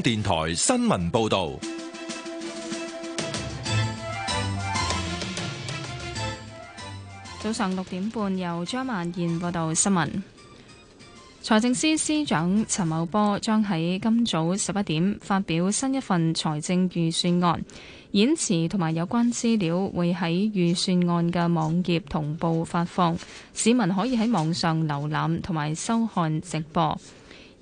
電台新聞報道，早上六點半由張曼燕報道新聞。財政司司長陳茂波將喺今早十一點發表新一份財政預算案，演辭同埋有關資料會喺預算案嘅網頁同步發放，市民可以喺網上瀏覽同埋收看直播。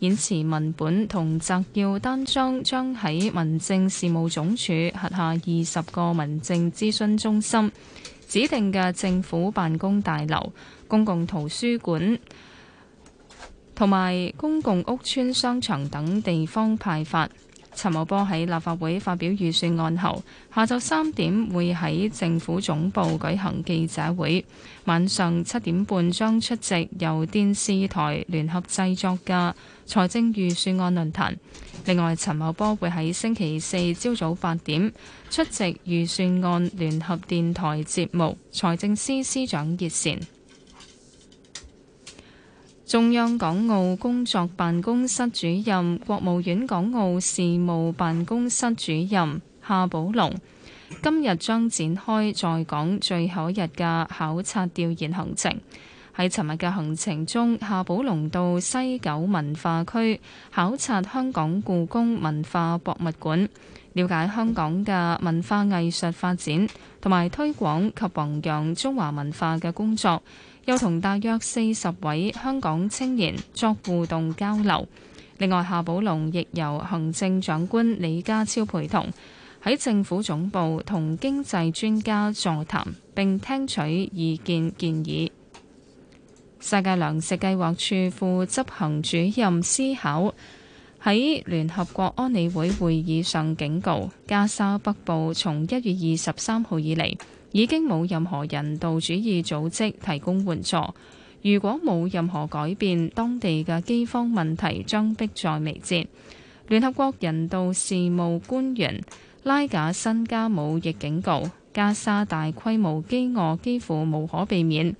演辭文本同摘要單張將喺民政事務總署轄下二十個民政諮詢中心、指定嘅政府辦公大樓、公共圖書館同埋公共屋邨商場等地方派發。陳茂波喺立法會發表預算案後，下晝三點會喺政府總部舉行記者會，晚上七點半將出席由電視台聯合製作嘅財政預算案論壇。另外，陳茂波會喺星期四朝早八點出席預算案聯合電台節目《財政司司長熱線》。中央港澳工作辦公室主任、國務院港澳事務辦公室主任夏寶龍今日將展開在港最後一日嘅考察調研行程。喺尋日嘅行程中，夏寶龍到西九文化區考察香港故宮文化博物館，了解香港嘅文化藝術發展同埋推廣及弘揚中華文化嘅工作。又同大約四十位香港青年作互動交流。另外，夏寶龍亦由行政長官李家超陪同喺政府總部同經濟專家座談，並聽取意見建議。世界糧食計劃處副執行主任斯考喺聯合國安理會會議上警告，加沙北部從一月二十三號以嚟，已經冇任何人道主義組織提供援助。如果冇任何改變，當地嘅饑荒問題將迫在眉睫。聯合國人道事務官員拉賈辛加姆亦警告，加沙大規模飢餓幾乎無可避免。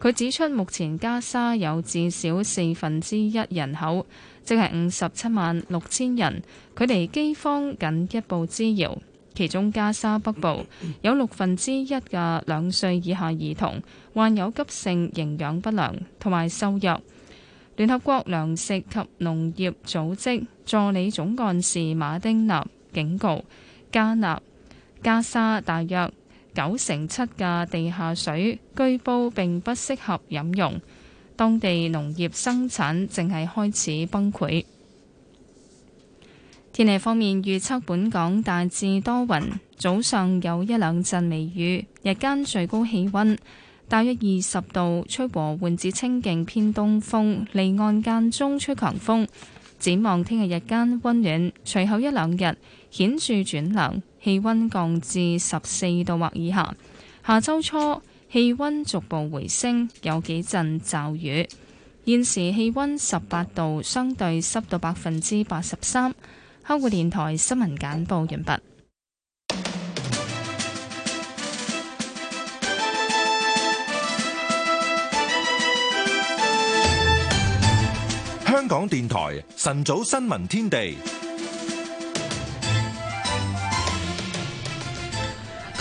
佢指出，目前加沙有至少四分之一人口，即係五十七萬六千人，距離饑荒僅一步之遙。其中加沙北部有六分之一嘅兩歲以下兒童患有急性營養不良同埋瘦弱。聯合國糧食及農業組織助理總幹事馬丁納警告加，加納、加沙大約九成七嘅地下水據報並不適合飲用，當地農業生產正係開始崩潰。天氣方面，預測本港大致多雲，早上有一兩陣微雨，日間最高氣温大約二十度，吹和緩至清勁偏東風，離岸間中吹強風。展望聽日日間温暖，隨後一兩日顯著轉涼，氣温降至十四度或以下。下周初氣温逐步回升，有幾陣驟雨。現時氣温十八度，相對濕度百分之八十三。香港電台新聞簡報完畢。香港電台晨早新聞天地。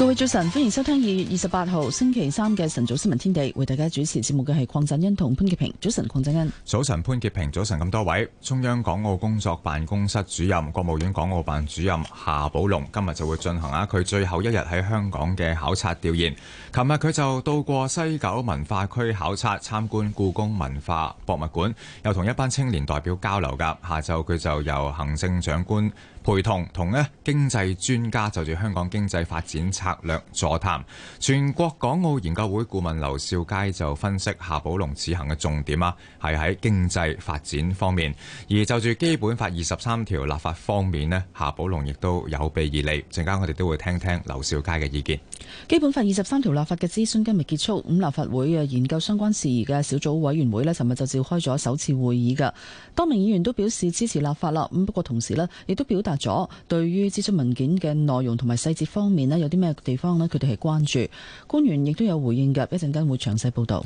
各位早晨，歡迎收聽二月二十八號星期三嘅晨早新聞天地。為大家主持節目嘅係鄺振恩同潘，潘潔平。早晨，鄺振恩。早晨，潘潔平。早晨，咁多位。中央港澳工作辦公室主任、國務院港澳辦主任夏寶龍今日就會進行啊佢最後一日喺香港嘅考察調研。琴日佢就到過西九文化區考察參觀故宮文化博物館，又同一班青年代表交流噶。下晝佢就由行政長官。陪同同咧經濟專家就住香港經濟發展策略座談，全國港澳研究會顧問劉少佳就分析夏寶龍此行嘅重點啊，係喺經濟發展方面，而就住基本法二十三條立法方面呢，夏寶龍亦都有備而嚟。陣間我哋都會聽聽劉少佳嘅意見。基本法二十三條立法嘅諮詢今日結束，咁立法會啊研究相關事宜嘅小組委員會咧，尋日就召開咗首次會議嘅，多名議員都表示支持立法啦。咁不過同時呢，亦都表達咗，對於諮詢文件嘅內容同埋細節方面咧，有啲咩地方咧，佢哋係關注，官員亦都有回應㗎，一陣間會詳細報導。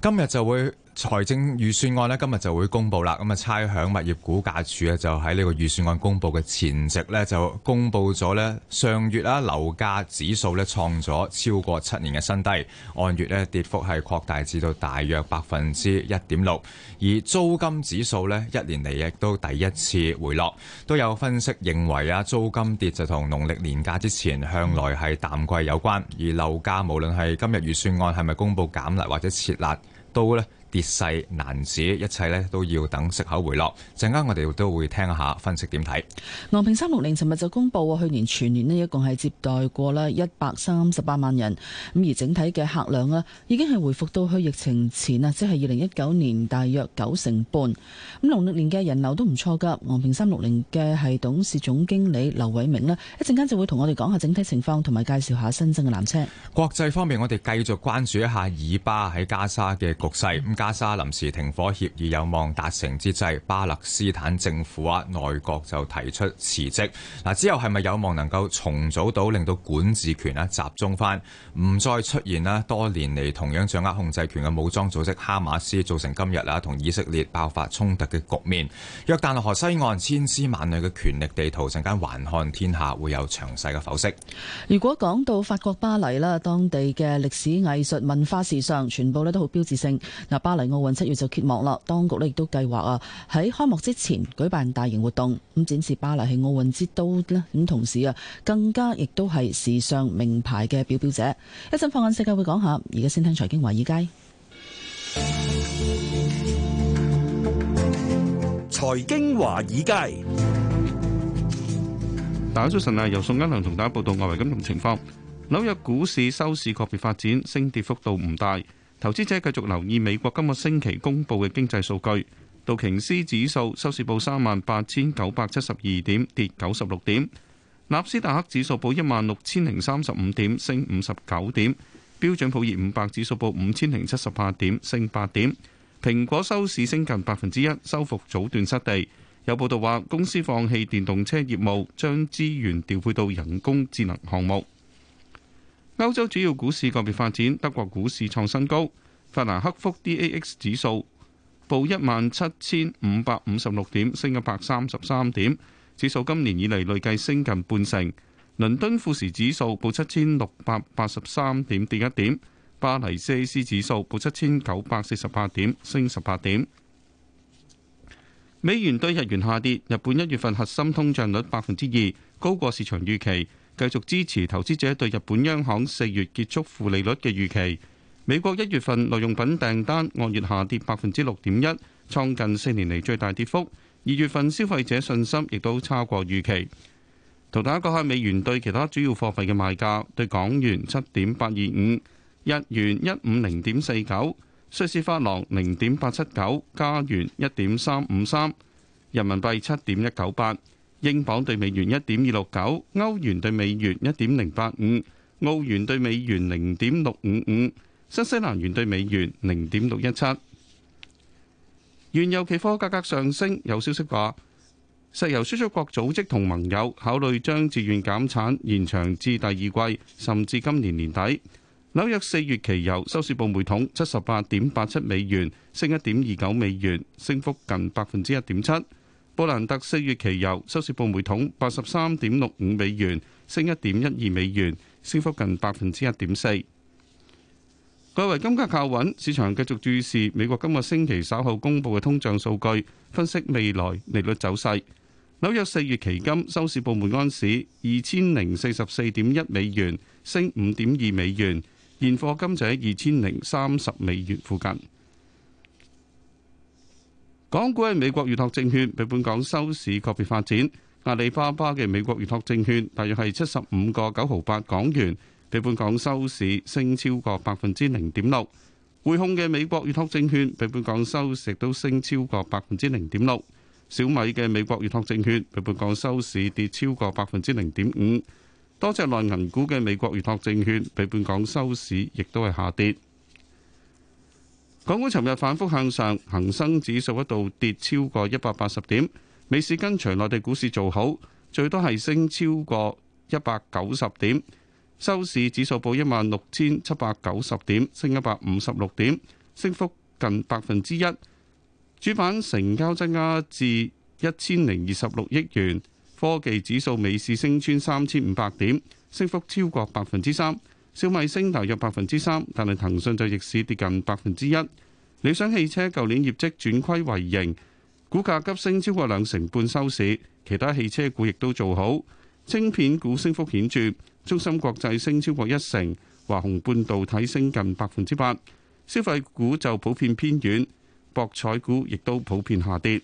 今日就會。財政預算案呢今日就會公布啦，咁啊差餉物業估價署就喺呢個預算案公布嘅前夕呢就公布咗呢上月啦，樓價指數呢創咗超過七年嘅新低，按月呢跌幅係擴大至到大約百分之一點六，而租金指數呢，一年嚟亦都第一次回落，都有分析認為啊租金跌就同農曆年假之前向來係淡季有關，而樓價無論係今日預算案係咪公布減辣或者設辣都咧。跌勢難止，一切呢都要等息口回落。陣間我哋都會聽下分析點睇。昂平三六零尋日就公布喎，去年全年呢一共係接待過啦一百三十八萬人，咁而整體嘅客量咧已經係回復到去疫情前啊，即係二零一九年大約九成半。咁龍年嘅人流都唔錯噶。昂平三六零嘅係董事總經理劉偉明呢，一陣間就會同我哋講下整體情況，同埋介紹下新增嘅纜車。國際方面，我哋繼續關注一下以巴喺加沙嘅局勢。加沙臨時停火協議有望達成之際，巴勒斯坦政府啊內閣就提出辭職。嗱，之後係咪有望能夠重組到，令到管治權啊集中翻，唔再出現啦多年嚟同樣掌握控制權嘅武裝組織哈馬斯，造成今日啊同以色列爆發衝突嘅局面。約旦河西岸千絲萬縷嘅權力地圖，陣間橫看天下，會有詳細嘅剖析。如果講到法國巴黎啦，當地嘅歷史、藝術、文化、時尚，全部咧都好標誌性。嗱巴黎奧運七月就揭幕啦，當局咧亦都計劃啊喺開幕之前舉辦大型活動，咁展示巴黎係奧運之都咧。咁同時啊，更加亦都係時尚名牌嘅表表者。一陣放眼世界會講下，而家先聽財經華爾街。財經華爾街，爾街，大家早晨啊！由宋恩良同大家報道外圍金融情況。紐約股市收市個別發展，升跌幅度唔大。投資者繼續留意美國今個星期公布嘅經濟數據。道瓊斯指數收市報三萬八千九百七十二點，跌九十六點。納斯達克指數報一萬六千零三十五點，升五十九點。標準普爾五百指數報五千零七十八點，升八點。蘋果收市升近百分之一，收復早段失地。有報道話，公司放棄電動車業務，將資源調配到人工智能項目。.歐洲主要股市個別發展，德國股市創新高，法蘭克福 DAX 指數報一萬七千五百五十六點，升一百三十三點，指數今年以嚟累計升近半成。倫敦富時指數報七千六百八十三點，跌一點；巴黎 CAC 指數報七千九百四十八點，升十八點。美元對日元下跌，日本一月份核心通脹率百分之二，高過市場預期。繼續支持投資者對日本央行四月結束負利率嘅預期。美國一月份耐用品訂單按月下跌百分之六點一，創近四年嚟最大跌幅。二月份消費者信心亦都差過預期同一個。同大家講下美元對其他主要貨幣嘅賣價：對港元七點八二五，日元一五零點四九，瑞士法郎零點八七九，加元一點三五三，人民幣七點一九八。英鎊兌美元一點二六九，歐元兌美元一點零八五，澳元兌美元零點六五五，新西蘭元兌美元零點六一七。原油期貨價格上升，有消息話，石油輸出國組織同盟友考慮將自願減產延長至第二季，甚至今年年底。紐約四月期油收市報每桶七十八點八七美元，升一點二九美元，升幅近百分之一點七。布蘭特四月期油收市報每桶八十三點六五美元，升一點一二美元，升幅近百分之一點四。外圍金價靠穩，市場繼續注視美國今個星期稍後公布嘅通脹數據，分析未來利率走勢。紐約四月期金收市報每安士二千零四十四點一美元，升五點二美元，現貨金就喺二千零三十美元附近。港股嘅美國預託證券，比本港收市個別發展。阿里巴巴嘅美國預託證券大約係七十五個九毫八港元，比本港收市升超過百分之零點六。匯控嘅美國預託證券比本港收市亦都升超過百分之零點六。小米嘅美國預託證券比本港收市跌超過百分之零點五。多隻內銀股嘅美國預託證券比本港收市亦都係下跌。港股尋日反覆向上，恒生指數一度跌超過一百八十點。美市跟隨內地股市做好，最多係升超過一百九十點，收市指數報一萬六千七百九十點，升一百五十六點，升幅近百分之一。主板成交增加至一千零二十六億元，科技指數美市升穿三千五百點，升幅超過百分之三。小米升大約百分之三，但係騰訊就逆市跌近百分之一。理想汽車舊年業績轉虧為盈，股價急升超過兩成半收市。其他汽車股亦都做好，晶片股升幅顯著，中芯國際升超過一成，華虹半導體升近百分之八。消費股就普遍偏軟，博彩股亦都普遍下跌。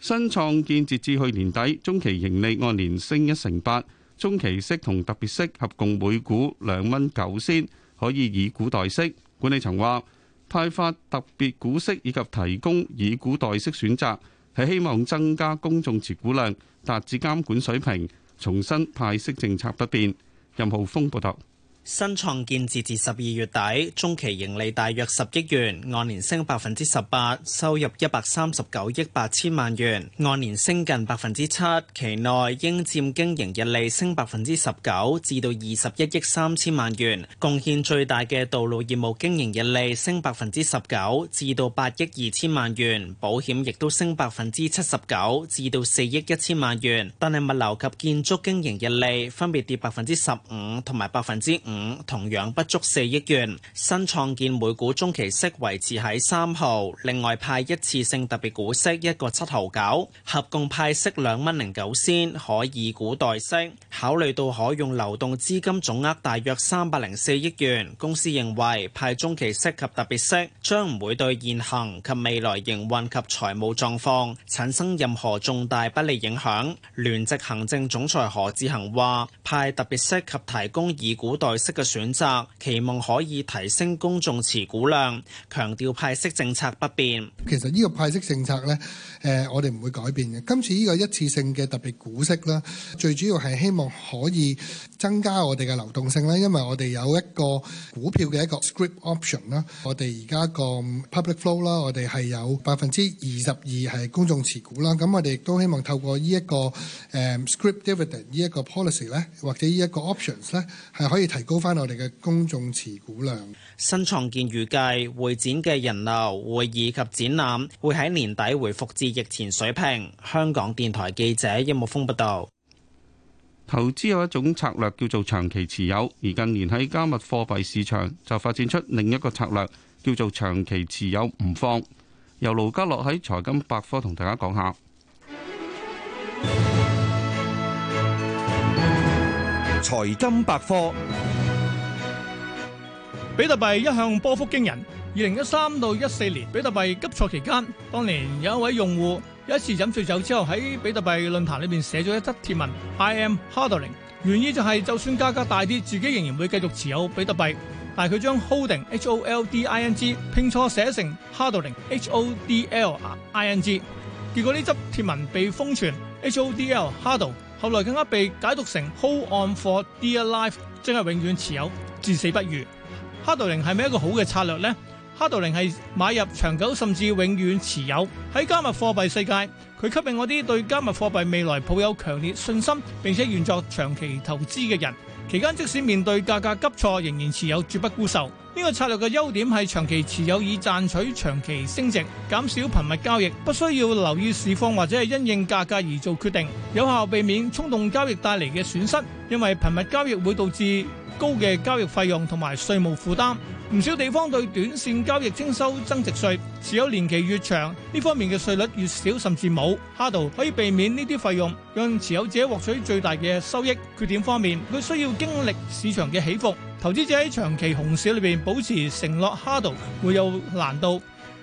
新創建截至去年底，中期盈利按年升一成八。中期息同特別息合共每股兩蚊九仙，可以以股代息。管理層話派發特別股息以及提供以股代息選擇，係希望增加公眾持股量，達至監管水平，重申派息政策不變。任浩峰報道。新創建截至十二月底，中期盈利大約十億元，按年升百分之十八，收入一百三十九億八千萬元，按年升近百分之七。期內應佔經營溢利升百分之十九，至到二十一億三千萬元。貢獻最大嘅道路業務經營溢利升百分之十九，至到八億二千萬元。保險亦都升百分之七十九，至到四億一千萬元。但係物流及建築經營溢利分別跌百分之十五同埋百分之五。五同樣不足四億元，新創建每股中期息維持喺三毫，另外派一次性特別股息一個七毫九，合共派息兩蚊零九仙，可以股代息。考慮到可用流動資金總額大約三百零四億元，公司認為派中期息及特別息將唔會對現行及未來營運及財務狀況產生任何重大不利影響。聯席行政總裁何志恒話：派特別息及提供以股代。息嘅選擇，期望可以提升公眾持股量，強調派息政策不變。其實呢個派息政策咧，誒、呃，我哋唔會改變嘅。今次呢個一次性嘅特別股息啦，最主要係希望可以。增加我哋嘅流動性啦，因為我哋有一個股票嘅一個 scrip option 啦，我哋而家個 public flow 啦，我哋係有百分之二十二係公眾持股啦，咁我哋亦都希望透過呢一個 scrip dividend 呢一個 policy 咧，或者呢一個 options 咧，係可以提高翻我哋嘅公眾持股量。新創建預計會展嘅人流、會議及展覽會喺年底回復至疫前水平。香港電台記者殷木峯報道。投資有一種策略叫做長期持有，而近年喺加密貨幣市場就發展出另一個策略叫做長期持有唔放。由盧家樂喺財金百科同大家講下。財金百科，比特幣一向波幅驚人。二零一三到一四年，比特幣急挫期間，當年有一位用戶，一次飲醉酒之後喺比特幣論壇裏面寫咗一則貼文，I am hardling 原意就係就算價格大跌，自己仍然會繼續持有比特幣，但係佢將 holding H O L D I N G 拼錯寫成 hardling H O D L I N G，結果呢則貼文被瘋傳，H O D L hardling 後來更加被解讀成 hold on for dear life，即係永遠持有至死不渝。hardling 係咪一個好嘅策略呢？哈德令係買入長久甚至永遠持有。喺加密貨幣世界，佢吸引我啲對加密貨幣未來抱有強烈信心並且願作長期投資嘅人。期間即使面對價格急挫，仍然持有絕不沽售。呢個策略嘅優點係長期持有以賺取長期升值，減少頻密交易，不需要留意市況或者因應價格而做決定，有效避免衝動交易帶嚟嘅損失。因為頻密交易會導致高嘅交易費用同埋稅務負擔。唔少地方對短線交易徵收增值稅，持有年期越長，呢方面嘅稅率越少，甚至冇 hardo 可以避免呢啲費用，讓持有者獲取最大嘅收益。缺點方面，佢需要經歷市場嘅起伏，投資者喺長期熊市裏邊保持承諾 hardo 會有難度。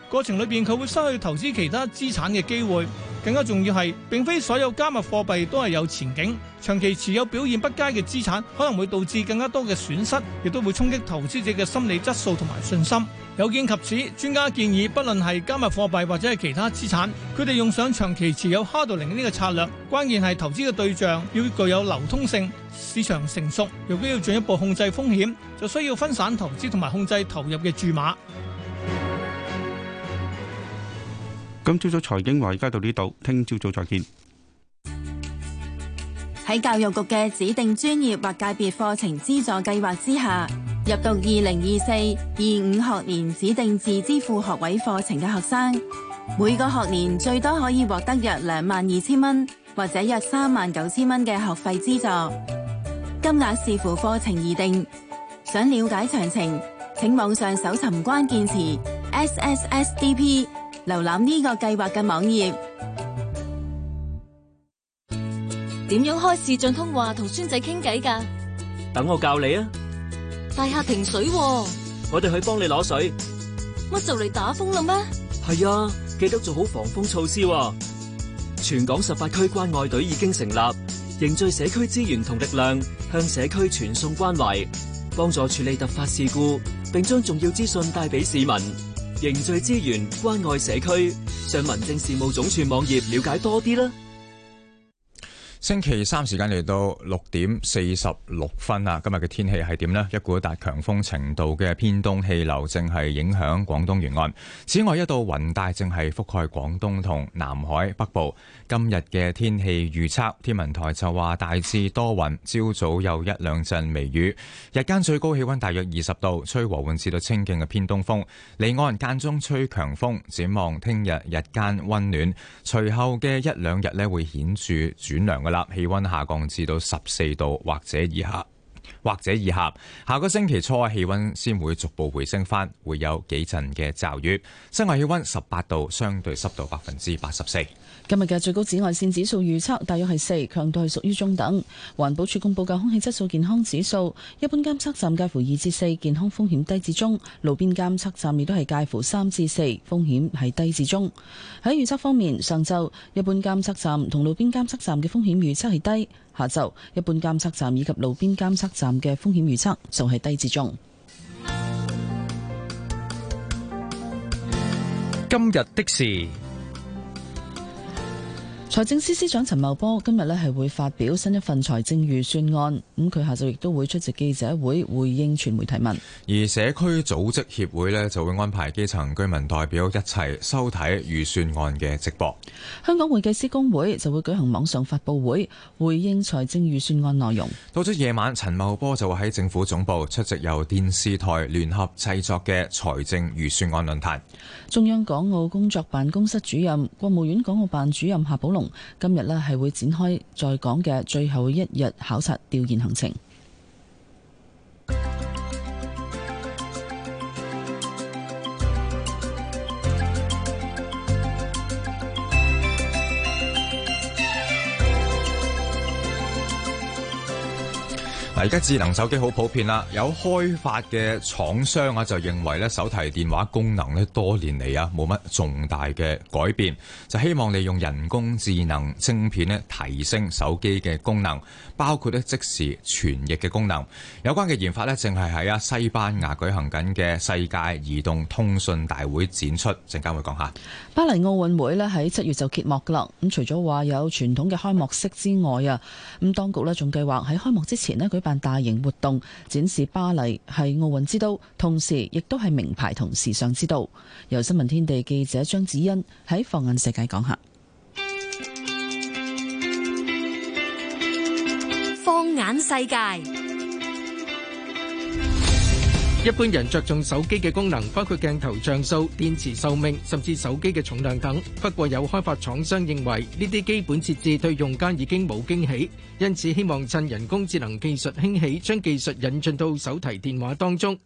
過程裏邊佢會失去投資其他資產嘅機會。更加重要係並非所有加密貨幣都係有前景。長期持有表現不佳嘅資產可能會導致更加多嘅損失，亦都會衝擊投資者嘅心理質素同埋信心。有見及此，專家建議不論係加密貨幣或者係其他資產，佢哋用上長期持有 HODLing 呢個策略。關鍵係投資嘅對象要具有流通性、市場成熟。如果要進一步控制風險，就需要分散投資同埋控制投入嘅注碼。今朝早財經話而家到呢度，聽朝早再見。喺教育局嘅指定專業或界別課程資助計劃之下，入讀二零二四二五學年指定自支付學位課程嘅學生，每個學年最多可以獲得約兩萬二千蚊或者約三萬九千蚊嘅學費資助，金額視乎課程而定。想了解詳情，請網上搜尋關鍵詞 SSSDP。SSSDP，瀏覽呢個計劃嘅網頁。點樣開視像通話同孫仔傾偈噶？等我教你啊！大廈停水，哦，我哋去幫你攞水。乜就嚟打風啦咩？係啊，記得做好防風措施，啊。全港十八區關愛隊已經成立，凝聚社區資源同力量，向社區傳送關懷，幫助處理突發事故，並將重要資訊帶俾市民。凝聚資源，關愛社區，上民政事務總署網頁了解多啲啦。星期三時間嚟到六點四十六分啦，今日嘅天氣係點呢？一股達強風程度嘅偏東氣流正係影響廣東沿岸，此外一道雲帶正係覆蓋廣東同南海北部。今日嘅天氣預測，天文台就話大致多雲，朝早有一兩陣微雨，日間最高氣溫大約二十度，吹和緩至到清勁嘅偏東風，離岸間中吹強風。展望聽日日間溫暖，隨後嘅一兩日呢會顯著轉涼。氣溫下降至到十四度或者以下，或者以下。下個星期初氣溫先會逐步回升翻，會有幾陣嘅驟雨。室外氣溫十八度，相對濕度百分之八十四。今日嘅最高紫外線指數預測大約係四，強度係屬於中等。環保署公布嘅空氣質素健康指數，一般監測站介乎二至四，健康風險低至中；路邊監測站亦都係介乎三至四，風險係低至中。喺預測方面，上晝一般監測站同路邊監測站嘅風險預測係低，下晝一般監測站以及路邊監測站嘅風險預測就係低至中。今日的事。財政司司長陳茂波今日呢係會發表新一份財政預算案，咁佢下晝亦都會出席記者會回應傳媒提問。而社區組織協會呢就會安排基層居民代表一齊收睇預算案嘅直播。香港會計師公會就會舉行網上發佈會回應財政預算案內容。到咗夜晚，陳茂波就會喺政府總部出席由電視台聯合製作嘅財政預算案論壇。中央港澳工作辦公室主任、國務院港澳辦主任夏寶龍。今日呢，係會展開在港嘅最後一日考察調研行程。嗱，而家智能手機好普遍啦，有開發嘅廠商啊，就認為咧手提電話功能咧多年嚟啊，冇乜重大嘅改變，就希望利用人工智能芯片呢，提升手機嘅功能，包括呢即時傳譯嘅功能。有關嘅研發呢，正係喺啊西班牙舉行緊嘅世界移動通訊大會展出。陣間會講下，巴黎奧運會呢，喺七月就揭幕噶啦，咁除咗話有傳統嘅開幕式之外啊，咁當局呢，仲計劃喺開幕之前呢。佢。辦大型活動，展示巴黎係奧運之都，同時亦都係名牌同時尚之都。由新聞天地記者張子欣喺放眼世界講下。放眼世界。一般人着重手機嘅功能，包括鏡頭像素、電池壽命，甚至手機嘅重量等。不過，有開發廠商認為呢啲基本設置對用家已經冇驚喜，因此希望趁人工智能技術興起，將技術引進到手提電話當中。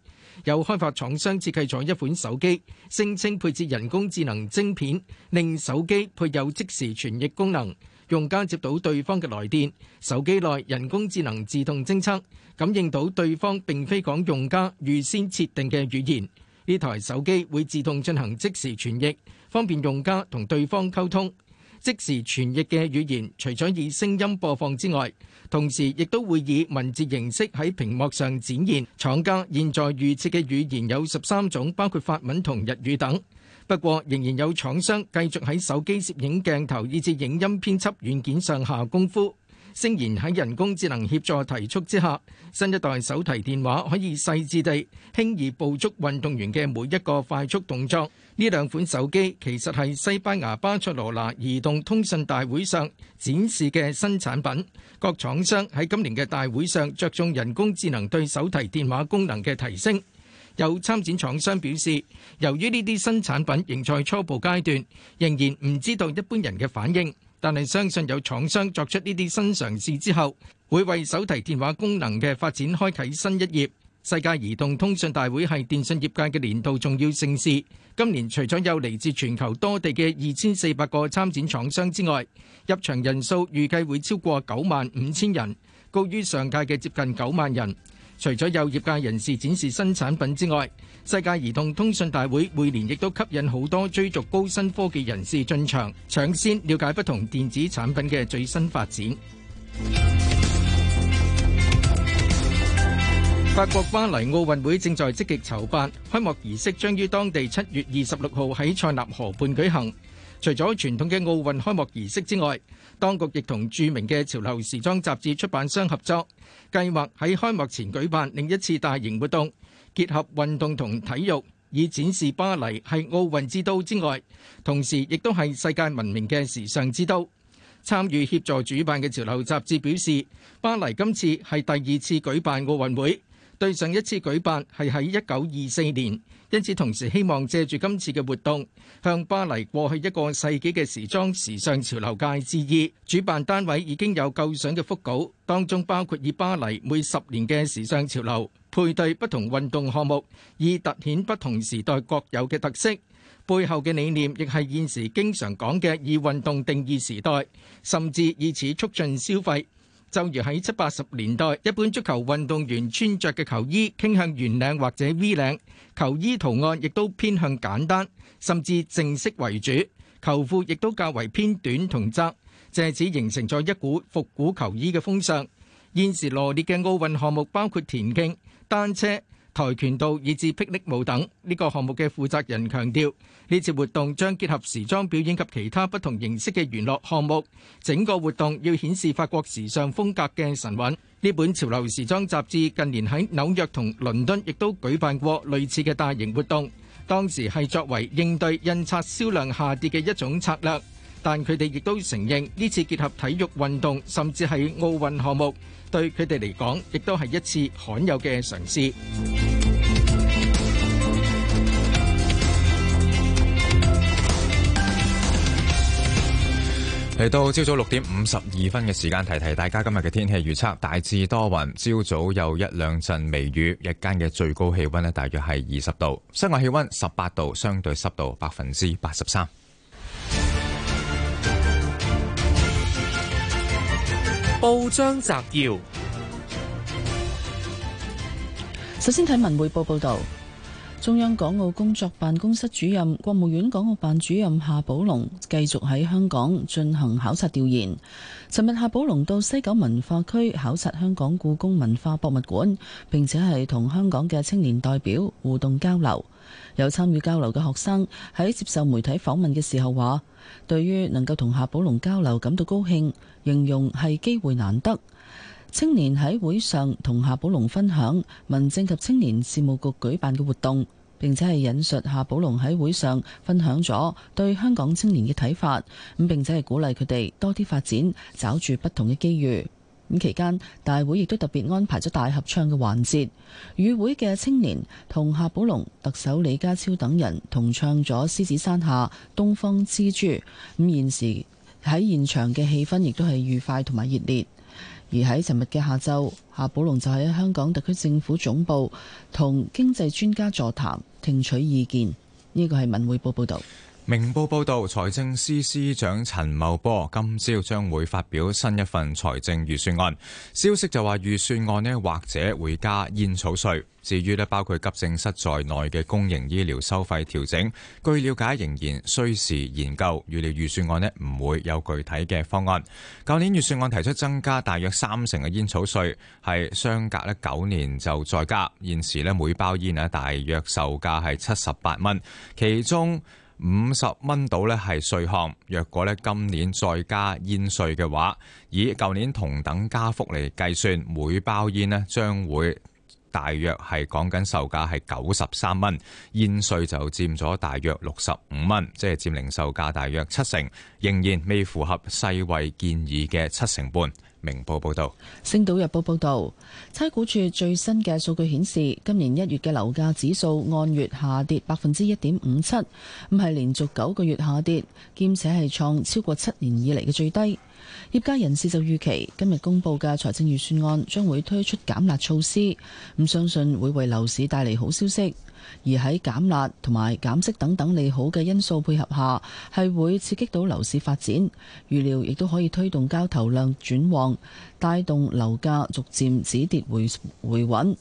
有開發廠商設計咗一款手機，聲稱配置人工智能晶片，令手機配有即時傳譯功能。用家接到對方嘅來電，手機內人工智能自動偵測。感應到對方並非講用家預先設定嘅語言，呢台手機會自動進行即時傳譯，方便用家同對方溝通。即時傳譯嘅語言除咗以聲音播放之外，同時亦都會以文字形式喺屏幕上展現。廠家現在預設嘅語言有十三種，包括法文同日語等。不過，仍然有廠商繼續喺手機攝影鏡頭以至影音編輯軟件上下功夫。聲言喺人工智能協助提速之下，新一代手提電話可以細緻地輕易捕捉運動員嘅每一個快速動作。呢兩款手機其實係西班牙巴塞羅那移動通信大會上展示嘅新產品。各廠商喺今年嘅大會上着重人工智能對手提電話功能嘅提升。有參展廠商表示，由於呢啲新產品仍在初步階段，仍然唔知道一般人嘅反應。但係相信有廠商作出呢啲新嘗試之後，會為手提電話功能嘅發展開啟新一頁。世界移動通訊大會係電信業界嘅年度重要盛事。今年除咗有嚟自全球多地嘅二千四百個參展廠商之外，入場人數預計會超過九萬五千人，高於上屆嘅接近九萬人。除咗有業界人士展示新產品之外，世界移動通訊大會每年亦都吸引好多追逐高新科技人士進場，搶先了解不同電子產品嘅最新發展。法國巴黎奧運會正在積極籌辦，開幕儀式將於當地七月二十六號喺塞納河畔舉行。除咗傳統嘅奧運開幕儀式之外，當局亦同著名嘅潮流時裝雜誌出版商合作，計劃喺開幕前舉辦另一次大型活動。結合運動同體育，以展示巴黎係奧運之都之外，同時亦都係世界聞名嘅時尚之都。參與協助主辦嘅潮流雜誌表示，巴黎今次係第二次舉辦奧運會，對上一次舉辦係喺一九二四年，因此同時希望借住今次嘅活動，向巴黎過去一個世紀嘅時裝時尚潮流界致意。主辦單位已經有構想嘅福稿，當中包括以巴黎每十年嘅時尚潮流。配對不同運動項目，以突顯不同時代各有嘅特色。背後嘅理念亦係現時經常講嘅以運動定義時代，甚至以此促進消費。就如喺七八十年代，一般足球運動員穿著嘅球衣傾向圓領或者 V 領，球衣圖案亦都偏向簡單，甚至正式為主。球褲亦都較為偏短同窄，藉此形成咗一股復古球衣嘅風尚。現時羅列嘅奧運項目包括田徑。單車、跆拳道以至霹靂舞等，呢個項目嘅負責人強調，呢次活動將結合時裝表演及其他不同形式嘅娛樂項目。整個活動要顯示法國時尚風格嘅神韻。呢本潮流時裝雜誌近年喺紐約同倫敦亦都舉辦過類似嘅大型活動，當時係作為應對印刷銷量下跌嘅一種策略。但佢哋亦都承認，呢次結合體育運動，甚至係奧運項目，對佢哋嚟講，亦都係一次罕有嘅嘗試。嚟到朝早六點五十二分嘅時間，提提大家今日嘅天氣預測：大致多雲，朝早有一兩陣微雨，日間嘅最高氣溫呢大約係二十度，室外氣溫十八度，相對濕度百分之八十三。張澤耀，首先睇文匯報報道，中央港澳工作辦公室主任、國務院港澳辦主任夏寶龍繼續喺香港進行考察調研。尋日，夏寶龍到西九文化區考察香港故宮文化博物館，並且係同香港嘅青年代表互動交流。有參與交流嘅學生喺接受媒體訪問嘅時候話，對於能夠同夏寶龍交流感到高興，形容係機會難得。青年喺會上同夏寶龍分享民政及青年事務局舉辦嘅活動，並且係引述夏寶龍喺會上分享咗對香港青年嘅睇法，咁並且係鼓勵佢哋多啲發展，抓住不同嘅機遇。咁期間，大會亦都特別安排咗大合唱嘅環節，與會嘅青年同夏寶龍、特首李家超等人同唱咗《獅子山下》、《東方之珠》。咁現時喺現場嘅氣氛亦都係愉快同埋熱烈。而喺尋日嘅下晝，夏寶龍就喺香港特區政府總部同經濟專家座談，聽取意見。呢個係《文匯報》報導。明報報道，財政司司長陳茂波今朝將會發表新一份財政預算案。消息就話預算案咧或者會加煙草稅。至於咧，包括急症室在內嘅公營醫療收費調整，據了解仍然需時研究。預料預算案咧唔會有具體嘅方案。舊年預算案提出增加大約三成嘅煙草稅，係相隔咧九年就再加。現時咧，每包煙啊，大約售價係七十八蚊，其中。五十蚊到呢係稅項，若果呢今年再加煙稅嘅話，以舊年同等加幅嚟計算，每包煙呢將會大約係講緊售價係九十三蚊，煙稅就佔咗大約六十五蚊，即係佔零售價大約七成，仍然未符合世衞建議嘅七成半。明報報道，《星島日報》報道，差估處最新嘅數據顯示，今年一月嘅樓價指數按月下跌百分之一點五七，咁係連續九個月下跌，兼且係創超過七年以嚟嘅最低。業界人士就預期，今日公布嘅財政預算案將會推出減辣措施，唔相信會為樓市帶嚟好消息。而喺減辣同埋減息等等利好嘅因素配合下，係會刺激到樓市發展，預料亦都可以推動交投量轉旺，帶動樓價逐漸止跌回回穩。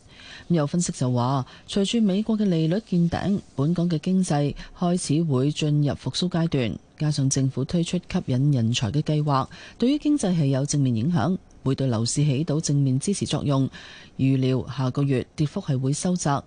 有分析就話，隨住美國嘅利率見頂，本港嘅經濟開始會進入復甦階段，加上政府推出吸引人才嘅計劃，對於經濟係有正面影響，會對樓市起到正面支持作用。預料下個月跌幅係會收窄。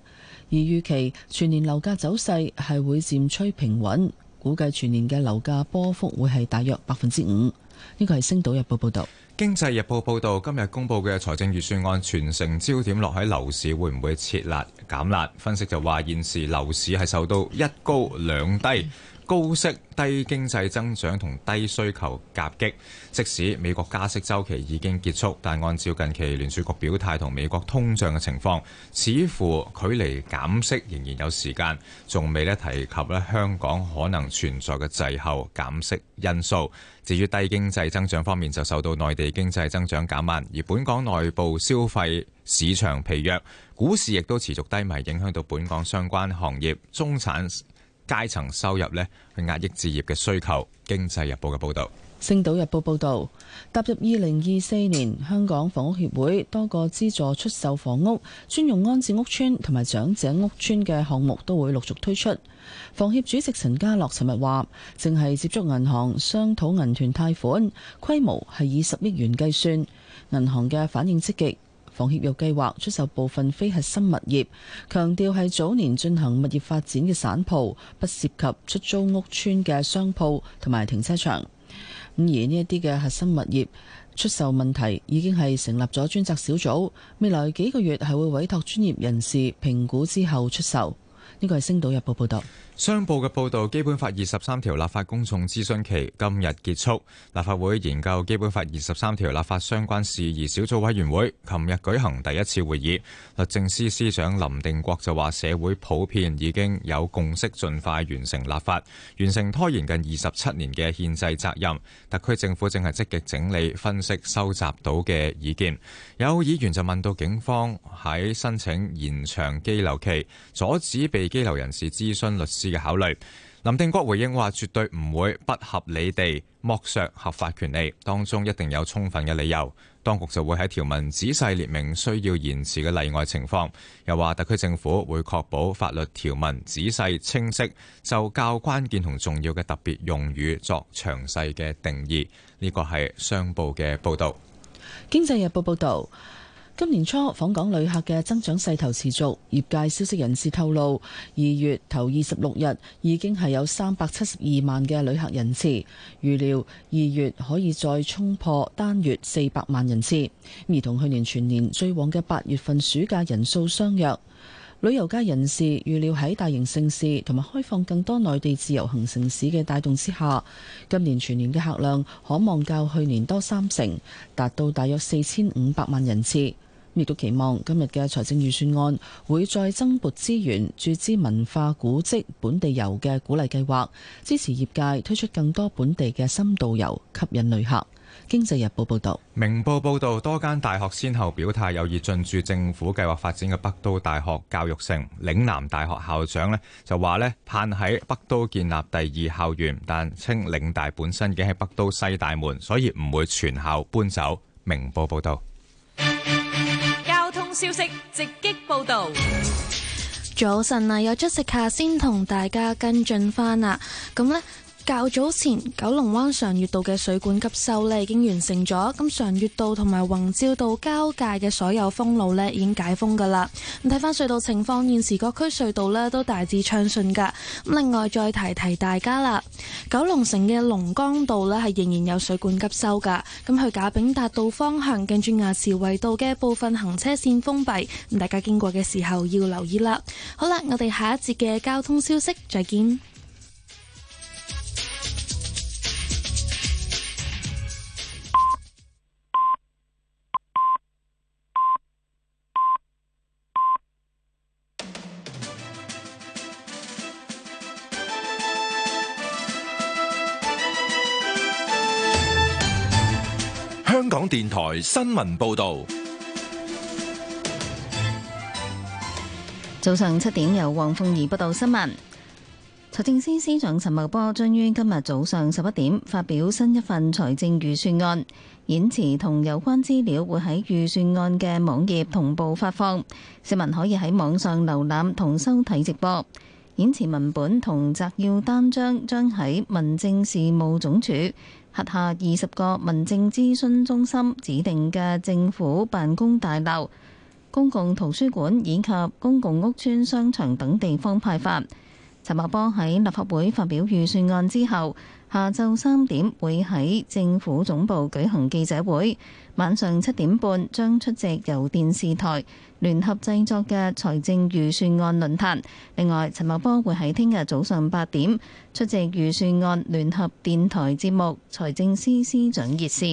而預期全年樓價走勢係會漸趨平穩，估計全年嘅樓價波幅會係大約百分之五。呢個係星島日報報導。經濟日報報導今日公布嘅財政預算案，全城焦點落喺樓市會唔會設立減辣。分析就話現時樓市係受到一高兩低。高息、低經濟增長同低需求夾擊，即使美國加息週期已經結束，但按照近期聯儲局表態同美國通脹嘅情況，似乎距離減息仍然有時間。仲未提及香港可能存在嘅滯後減息因素。至於低經濟增長方面，就受到內地經濟增長減慢，而本港內部消費市場疲弱，股市亦都持續低迷，影響到本港相關行業中產。階層收入呢，去壓抑置業嘅需求。經濟日報嘅報道，星島日報報道，踏入二零二四年，香港房屋協會多個資助出售房屋、專用安置屋邨同埋長者屋邨嘅項目都會陸續推出。房協主席陳家樂尋日話，正係接觸銀行商討銀團貸款，規模係以十億元計算。銀行嘅反應積極。房協又計劃出售部分非核心物業，強調係早年進行物業發展嘅散鋪，不涉及出租屋邨嘅商鋪同埋停車場。咁而呢一啲嘅核心物業出售問題，已經係成立咗專責小組，未來幾個月係會委託專業人士評估之後出售。呢個係《星島日報》報道。商報嘅報導，基本法二十三條立法公眾諮詢期今日結束，立法會研究基本法二十三條立法相關事宜小組委員會，琴日舉行第一次會議。律政司司長林定國就話：社會普遍已經有共識，盡快完成立法，完成拖延近二十七年嘅憲制責任。特區政府正係積極整理、分析、收集到嘅意見。有議員就問到警方喺申請延長羈留期，阻止被羈留人士諮詢律師。嘅考慮，林定國回應話：絕對唔會不合理地剝削合法權利，當中一定有充分嘅理由。當局就會喺條文仔細列明需要延遲嘅例外情況。又話特區政府會確保法律條文仔細清晰，就較關鍵同重要嘅特別用語作詳細嘅定義。呢個係商報嘅報導。《經濟日報》報導。今年初訪港旅客嘅增長勢頭持續，業界消息人士透露，二月頭二十六日已經係有三百七十二萬嘅旅客人次。預料二月可以再衝破單月四百萬人次，而同去年全年最旺嘅八月份暑假人數相若。旅遊界人士預料喺大型城市同埋開放更多內地自由行城市嘅帶動之下，今年全年嘅客量可望較去年多三成，達到大約四千五百萬人次。亦都期望今日嘅財政預算案會再增撥資源注資文化古跡本地遊嘅鼓勵計劃，支持業界推出更多本地嘅深度遊，吸引旅客。經濟日報報道。明報報道，多間大學先後表態有意進駐政府計劃發展嘅北都大學教育城。嶺南大學校長咧就話咧盼喺北都建立第二校園，但稱嶺大本身已經喺北都西大門，所以唔會全校搬走。明報報道。消息直擊報道，早晨啊，有 Jessica 先同大家跟進翻啊，咁呢？較早前，九龍灣常悅道嘅水管急修已經完成咗，咁常悅道同埋宏照道交界嘅所有封路已經解封噶啦。咁睇返隧道情況，現時各區隧道都大致暢順噶。咁另外再提提大家啦，九龍城嘅龍江道咧係仍然有水管急修噶，咁去賈炳達道方向近住衙前圍道嘅部分行車線封閉，咁大家經過嘅時候要留意啦。好啦，我哋下一節嘅交通消息再見。香港電台新聞報道，早上七點由黃鳳儀報道新聞。財政司司長陳茂波將於今日早上十一點發表新一份財政預算案，演辭、同有關資料會喺預算案嘅網頁同步發放，市民可以喺網上瀏覽同收睇直播。演辭文本同摘要單張將喺民政事務總署轄下二十個民政諮詢中心、指定嘅政府辦公大樓、公共圖書館以及公共屋邨、商場等地方派發。陳茂波喺立法會發表預算案之後，下晝三點會喺政府總部舉行記者會，晚上七點半將出席由電視台聯合製作嘅財政預算案論壇。另外，陳茂波會喺聽日早上八點出席預算案聯合電台節目《財政司司長熱線》。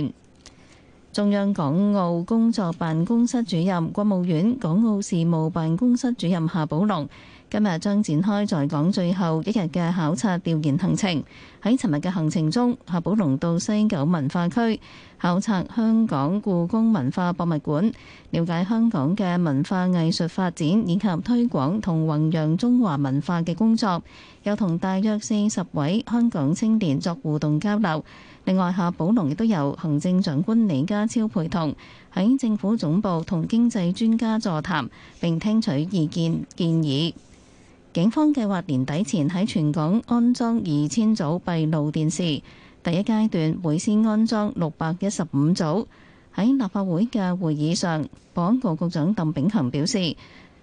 中央港澳工作辦公室主任、國務院港澳事務辦公室主任夏寶龍。今日將展開在港最後一日嘅考察調研行程。喺尋日嘅行程中，夏寶龍到西九文化區考察香港故宮文化博物館，了解香港嘅文化藝術發展以及推廣同弘揚中華文化嘅工作。又同大約四十位香港青年作互動交流。另外，夏寶龍亦都由行政長官李家超陪同喺政府總部同經濟專家座談，並聽取意見建議。警方計劃年底前喺全港安裝二千組閉路電視，第一階段會先安裝六百一十五組。喺立法會嘅會議上，保安局局長鄧炳強表示，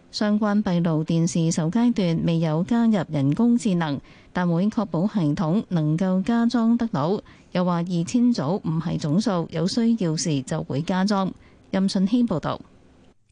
相關閉路電視首階段未有加入人工智能，但會確保系統能夠加裝得到。又話二千組唔係總數，有需要時就會加裝。任信希報導。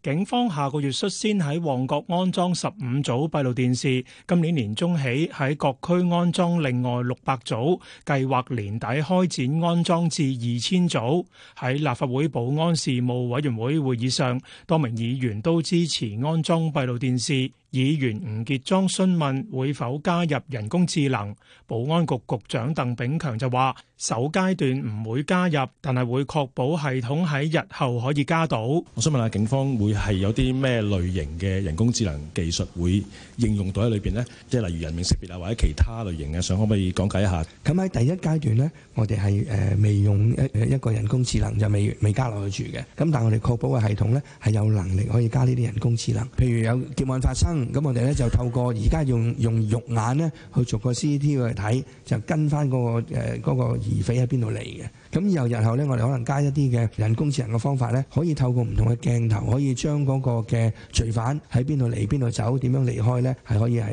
警方下個月率先喺旺角安裝十五組閉路電視，今年年中起，喺各區安裝另外六百組，計劃年底開展安裝至二千組。喺立法會保安事務委員會會議上，多名議員都支持安裝閉路電視。議員吳傑莊詢問會否加入人工智能，保安局局長鄧炳強就話：首階段唔會加入，但係會確保系統喺日後可以加到。我想問下警方會係有啲咩類型嘅人工智能技術會應用到喺裏邊呢？即係例如人面識別啊，或者其他類型嘅，想可唔可以講解一下？咁喺第一階段呢，我哋係誒未用一一個人工智能就未未加落去住嘅。咁但係我哋確保嘅系統呢係有能力可以加呢啲人工智能。譬如有劫案發生。咁我哋咧就透過而家用用肉眼咧去逐個 CCTV 去睇，就跟翻嗰個誒嗰個疑匪喺邊度嚟嘅。咁以後日後咧，我哋可能加一啲嘅人工智能嘅方法咧，可以透過唔同嘅鏡頭，可以將嗰個嘅罪犯喺邊度嚟、邊度走、點樣離開咧，係可以係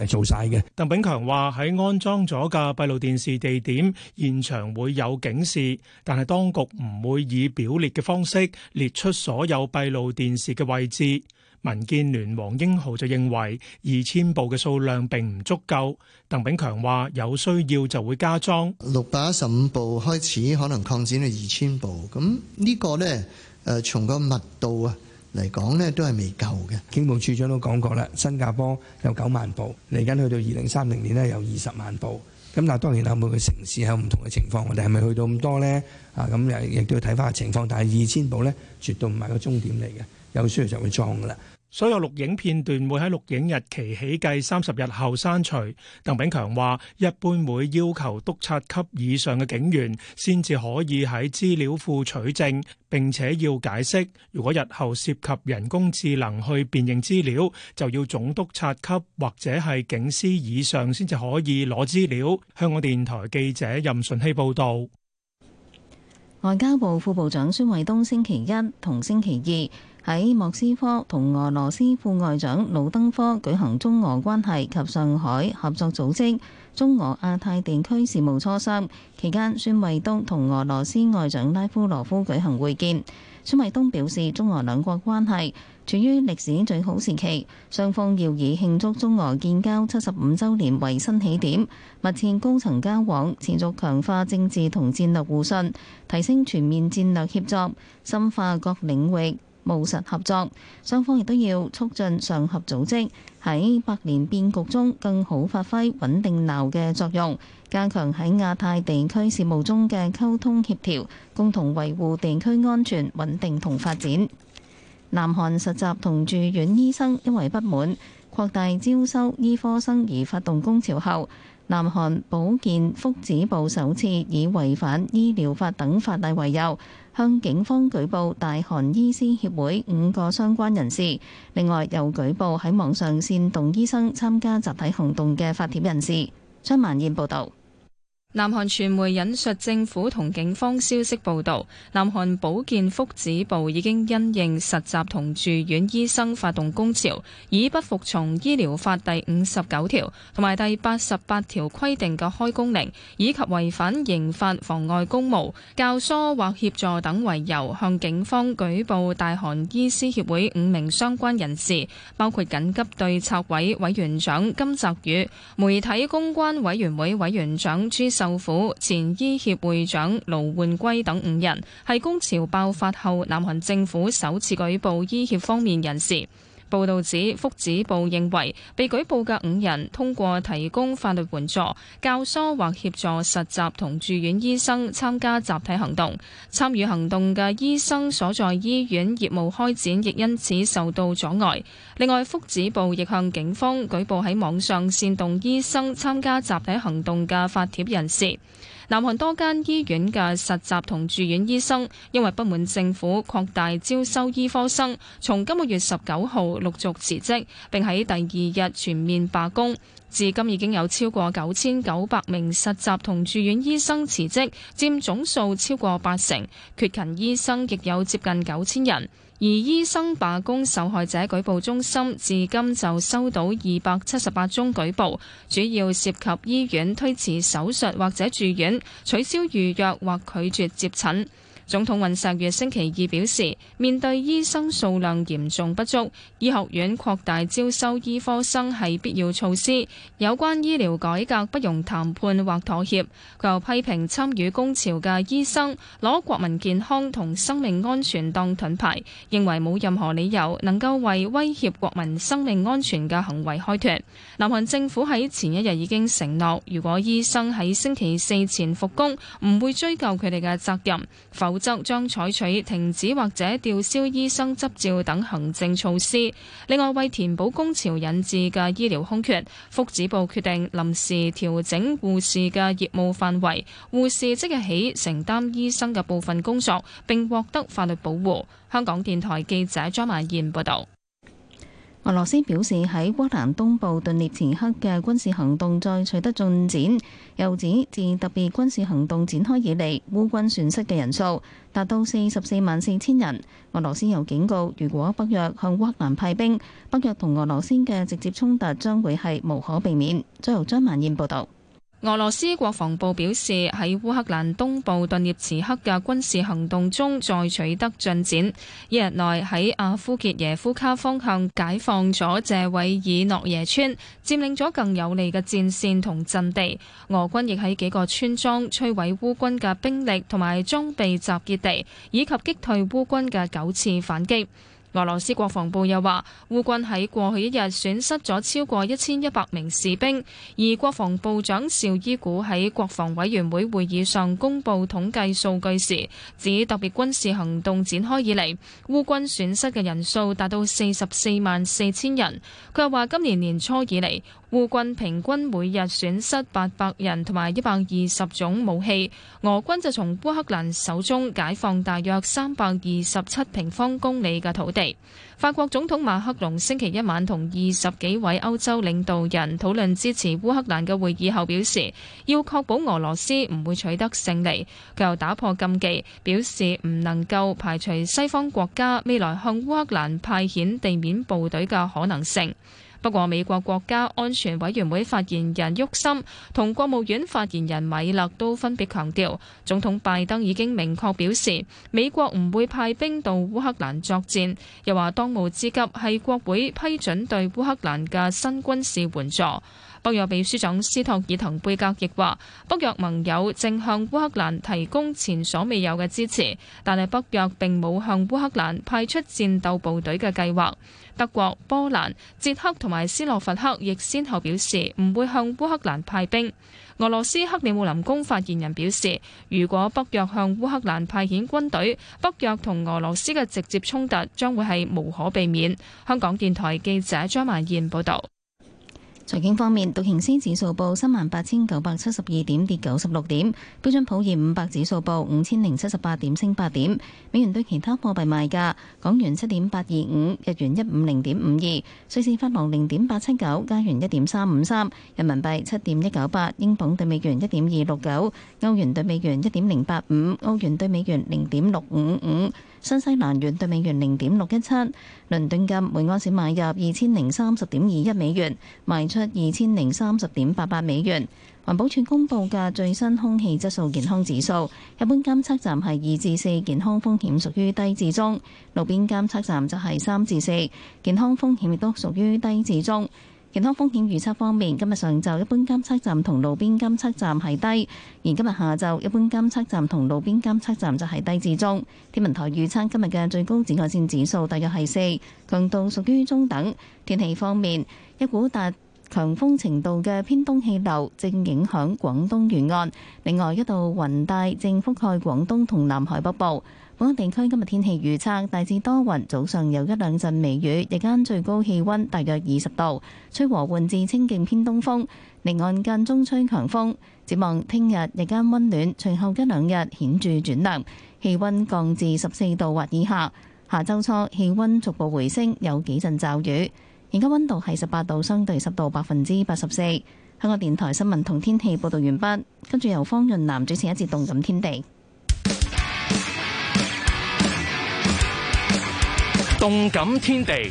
誒誒做曬嘅。鄧炳強話：喺安裝咗嘅閉路電視地點，現場會有警示，但係當局唔會以表列嘅方式列出所有閉路電視嘅位置。民建聯黃英豪就認為，二千部嘅數量並唔足夠。鄧炳強話：有需要就會加裝。六百一十五部開始，可能擴展到二千部。咁呢個呢，誒、呃，從個密度啊嚟講呢都係未夠嘅。警務處長都講過啦，新加坡有九萬部，嚟緊去到二零三零年呢，有二十萬部。咁但係當然有每個城市有唔同嘅情況，我哋係咪去到咁多呢？啊，咁亦亦都要睇翻個情況。但係二千部呢，絕對唔係個終點嚟嘅。有需要就會裝噶啦。所有錄影片段會喺錄影日期起計三十日後刪除。鄧炳強話：一般會要求督察級以上嘅警員先至可以喺資料庫取證，並且要解釋。如果日後涉及人工智能去辨認資料，就要總督察級或者係警司以上先至可以攞資料。香港電台記者任順希報道。外交部副部長孫衛東星期一同星期二。喺莫斯科同俄羅斯副外長魯登科舉行中俄關係及上海合作組織中俄亞太地區事務磋商期間，孫衛東同俄羅斯外長拉夫羅夫舉行會見。孫衛東表示，中俄兩國關係處於歷史最好時期，雙方要以慶祝中俄建交七十五週年為新起點，密切高層交往，持續強化政治同戰略互信，提升全面戰略協作，深化各領域務實合作，雙方亦都要促進上合組織喺百年變局中更好發揮穩定鬧嘅作用，加強喺亞太地區事務中嘅溝通協調，共同維護地區安全穩定同發展。南韓實習同住院醫生因為不滿擴大招收醫科生而發動工潮後，南韓保健福祉部首次以違反醫療法等法例為由。向警方舉報大韓醫師協會五個相關人士，另外又舉報喺網上煽動醫生參加集體行動嘅發帖人士。張萬燕報導。南韓傳媒引述政府同警方消息報道，南韓保健福祉部已經因應實習同住院醫生發動工潮，以不服從醫療法第五十九條同埋第八十八條規定嘅開工令，以及違反刑法妨礙公務、教唆或協助等為由，向警方舉報大韓醫師協會五名相關人士，包括緊急對策委委員長金澤宇、媒體公關委員會委員長朱。受苦、前醫協會長盧煥圭等五人係工潮爆發後，南韓政府首次舉報醫協方面人士。報道指福祉部認為，被舉報嘅五人通過提供法律援助，教唆或協助實習同住院醫生參加集體行動，參與行動嘅醫生所在醫院業務開展亦因此受到阻礙。.另外，福祉部亦向警方舉報喺網上煽動醫生參加集體行動嘅發帖人士。南韓多間醫院嘅實習同住院醫生因為不滿政府擴大招收醫科生，從今個月十九號陸續辭職，並喺第二日全面罷工。至今已經有超過九千九百名實習同住院醫生辭職，佔總數超過八成。缺勤醫生亦有接近九千人。而醫生罷工受害者舉報中心至今就收到二百七十八宗舉報，主要涉及醫院推遲手術或者住院、取消預約或拒絕接診。總統尹錫悅星期二表示，面對醫生數量嚴重不足，醫學院擴大招收醫科生係必要措施。有關醫療改革不容談判或妥協。佢又批評參與工潮嘅醫生攞國民健康同生命安全當盾牌，認為冇任何理由能夠為威脅國民生命安全嘅行為開脱。南韓政府喺前一日已經承諾，如果醫生喺星期四前復工，唔會追究佢哋嘅責任。否，將採取停止或者吊銷醫生執照等行政措施。另外，為填補工潮引致嘅醫療空缺，福祉部決定臨時調整護士嘅業務範圍，護士即日起承擔醫生嘅部分工作，並獲得法律保護。香港電台記者張曼燕報道。俄羅斯表示喺烏克蘭東部頓涅茨克嘅軍事行動再取得進展，又指自特別軍事行動展開以嚟，烏軍損失嘅人數達到四十四萬四千人。俄羅斯又警告，如果北約向烏克蘭派兵，北約同俄羅斯嘅直接衝突將會係無可避免。再由張萬燕報導。俄羅斯國防部表示，喺烏克蘭東部頓涅茨克嘅軍事行動中再取得進展，一日內喺阿夫傑耶夫卡方向解放咗謝維爾諾耶村，佔領咗更有利嘅戰線同陣地。俄軍亦喺幾個村莊摧毀烏軍嘅兵力同埋裝備集結地，以及擊退烏軍嘅九次反擊。俄羅斯國防部又話，烏軍喺過去一日損失咗超過一千一百名士兵，而國防部長邵伊古喺國防委員會會議上公布統計數據時，指特別軍事行動展開以嚟，烏軍損失嘅人數達到四十四萬四千人。佢又話，今年年初以嚟，烏軍平均每日損失八百人同埋一百二十種武器，俄軍就從烏克蘭手中解放大約三百二十七平方公里嘅土地。法國總統馬克龍星期一晚同二十幾位歐洲領導人討論支持烏克蘭嘅會議後表示，要確保俄羅斯唔會取得勝利。佢又打破禁忌，表示唔能夠排除西方國家未來向烏克蘭派遣地面部隊嘅可能性。不過，美國國家安全委員會發言人沃森同國務院發言人米勒都分別強調，總統拜登已經明確表示，美國唔會派兵到烏克蘭作戰，又話當務之急係國會批准對烏克蘭嘅新軍事援助。北約秘書長斯托爾滕貝格亦話，北約盟友正向烏克蘭提供前所未有嘅支持，但係北約並冇向烏克蘭派出戰鬥部隊嘅計劃。德國、波蘭、捷克同埋斯洛伐克亦先後表示唔會向烏克蘭派兵。俄羅斯克里姆林宮發言人表示，如果北約向烏克蘭派遣軍隊，北約同俄羅斯嘅直接衝突將會係無可避免。香港電台記者張曼燕報道。財經方面，道瓊斯指數報三萬八千九百七十二點，跌九十六點；標準普爾五百指數報五千零七十八點，升八點。美元對其他貨幣賣價：港元七點八二五，日元一五零點五二，瑞士法郎零點八七九，加元一點三五三，人民幣七點一九八，英鎊對美元一點二六九，歐元對美元一點零八五，歐元對美元零點六五五。新西蘭元兌美元零點六一七，倫敦金每安士買入二千零三十點二一美元，賣出二千零三十點八八美元。環保署公布嘅最新空氣質素健康指數，一般監測站係二至四，健康風險屬於低至中；路邊監測站就係三至四，健康風險亦都屬於低至中。健康風險預測方面，今日上晝一般監測站同路邊監測站係低，而今日下晝一般監測站同路邊監測站就係低至中。天文台預測今日嘅最高紫外線指數大約係四，強度屬於中等。天氣方面，一股達強風程度嘅偏東氣流正影響廣東沿岸，另外一道雲帶正覆蓋廣東同南海北部。本港地區今日天，天氣預測大致多雲，早上有一兩陣微雨，日間最高氣温大約二十度，吹和緩至清勁偏東風，離岸間中吹強風。展望聽日日間溫暖，隨後一兩日顯著轉涼，氣温降至十四度或以下。下周初氣温逐步回升，有幾陣驟雨。而家温度係十八度，相對濕度百分之八十四。香港電台新聞同天氣報導完畢，跟住由方潤南主持一節動感天地。動感天地，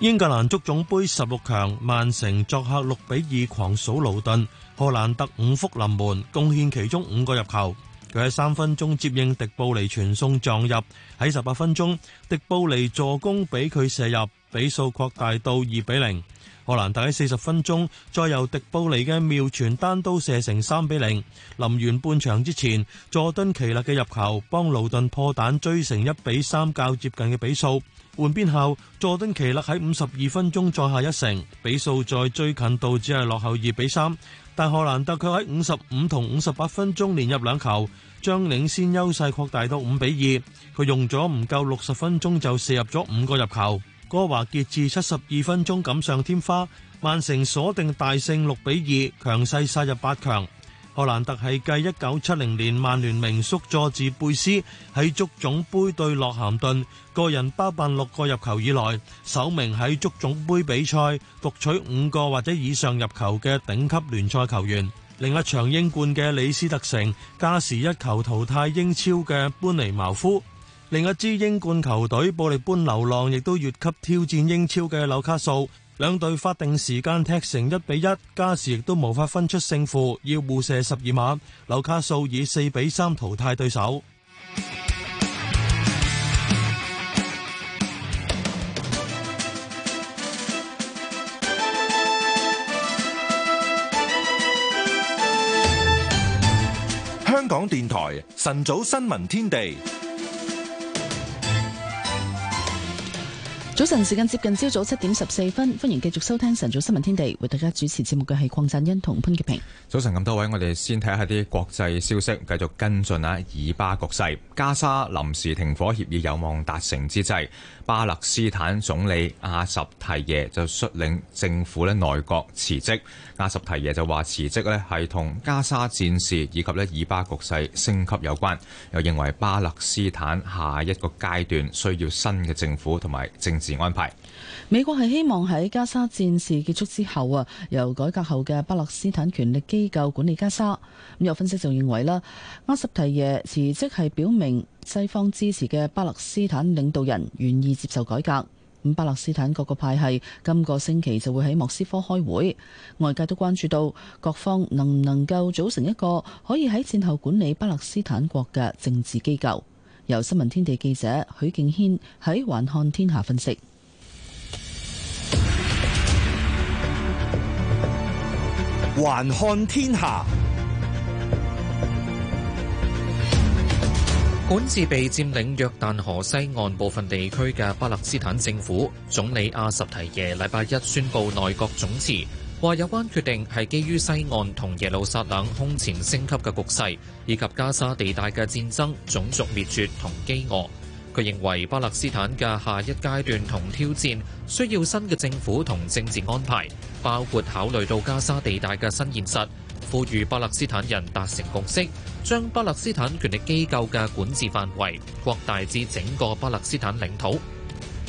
英格蘭足總杯十六強，曼城作客六比二狂掃盧頓，荷蘭特五福臨門，貢獻其中五個入球。佢喺三分鐘接應迪布尼傳送撞入，喺十八分鐘，迪布尼助攻俾佢射入，比數擴大到二比零。荷蘭特喺四十分鐘再由迪布尼嘅妙傳單刀射成三比零，臨完半場之前，佐敦奇勒嘅入球幫勞頓破蛋追成一比三，較接近嘅比數。換邊後，佐敦奇勒喺五十二分鐘再下一城，比數再追近到只係落後二比三。但荷蘭特佢喺五十五同五十八分鐘連入兩球，將領先優勢擴大到五比二。佢用咗唔夠六十分鐘就射入咗五個入球。哥華傑至七十二分鐘錦上添花，曼城鎖定大勝六比二，強勢殺入八強。荷蘭特係繼一九七零年曼聯名宿佐治貝斯喺足總盃對諾咸頓個人包辦六個入球以來，首名喺足總盃比賽獨取五個或者以上入球嘅頂級聯賽球員。另一場英冠嘅李斯特城加時一球淘汰英超嘅班尼茅夫。另一支英冠球隊布力般流浪亦都越級挑戰英超嘅紐卡素，兩隊法定時間踢成一比一，加時亦都無法分出勝負，要互射十二碼，紐卡素以四比三淘汰對手。香港電台晨早新聞天地。早晨，時間接近朝早七點十四分，歡迎繼續收聽晨早新聞天地，為大家主持節目嘅係鄺振欣同潘潔平。早晨咁多位，我哋先睇下啲國際消息，繼續跟進啊，以巴局勢，加沙臨時停火協議有望達成之際。巴勒斯坦總理阿什提耶就率領政府咧內閣辭職，阿什提耶就話辭職咧係同加沙戰事以及咧以巴局勢升級有關，又認為巴勒斯坦下一個階段需要新嘅政府同埋政治安排。美國係希望喺加沙戰事結束之後啊，由改革後嘅巴勒斯坦權力機構管理加沙。咁有分析就認為啦，阿什提耶辭職係表明西方支持嘅巴勒斯坦領導人願意接受改革。咁巴勒斯坦各個派系今、這個星期就會喺莫斯科開會，外界都關注到各方能唔能夠組成一個可以喺戰後管理巴勒斯坦國嘅政治機構。由新聞天地記者許敬軒喺環看天下分析。環看天下。管治被佔領約旦河西岸部分地區嘅巴勒斯坦政府總理阿什提耶禮拜一宣布內閣總辭，話有關決定係基於西岸同耶路撒冷空前升級嘅局勢，以及加沙地帶嘅戰爭、種族滅絕同飢餓。佢認為巴勒斯坦嘅下一階段同挑戰需要新嘅政府同政治安排，包括考慮到加沙地帶嘅新現實，呼籲巴勒斯坦人達成共識，將巴勒斯坦權力機構嘅管治範圍擴大至整個巴勒斯坦領土。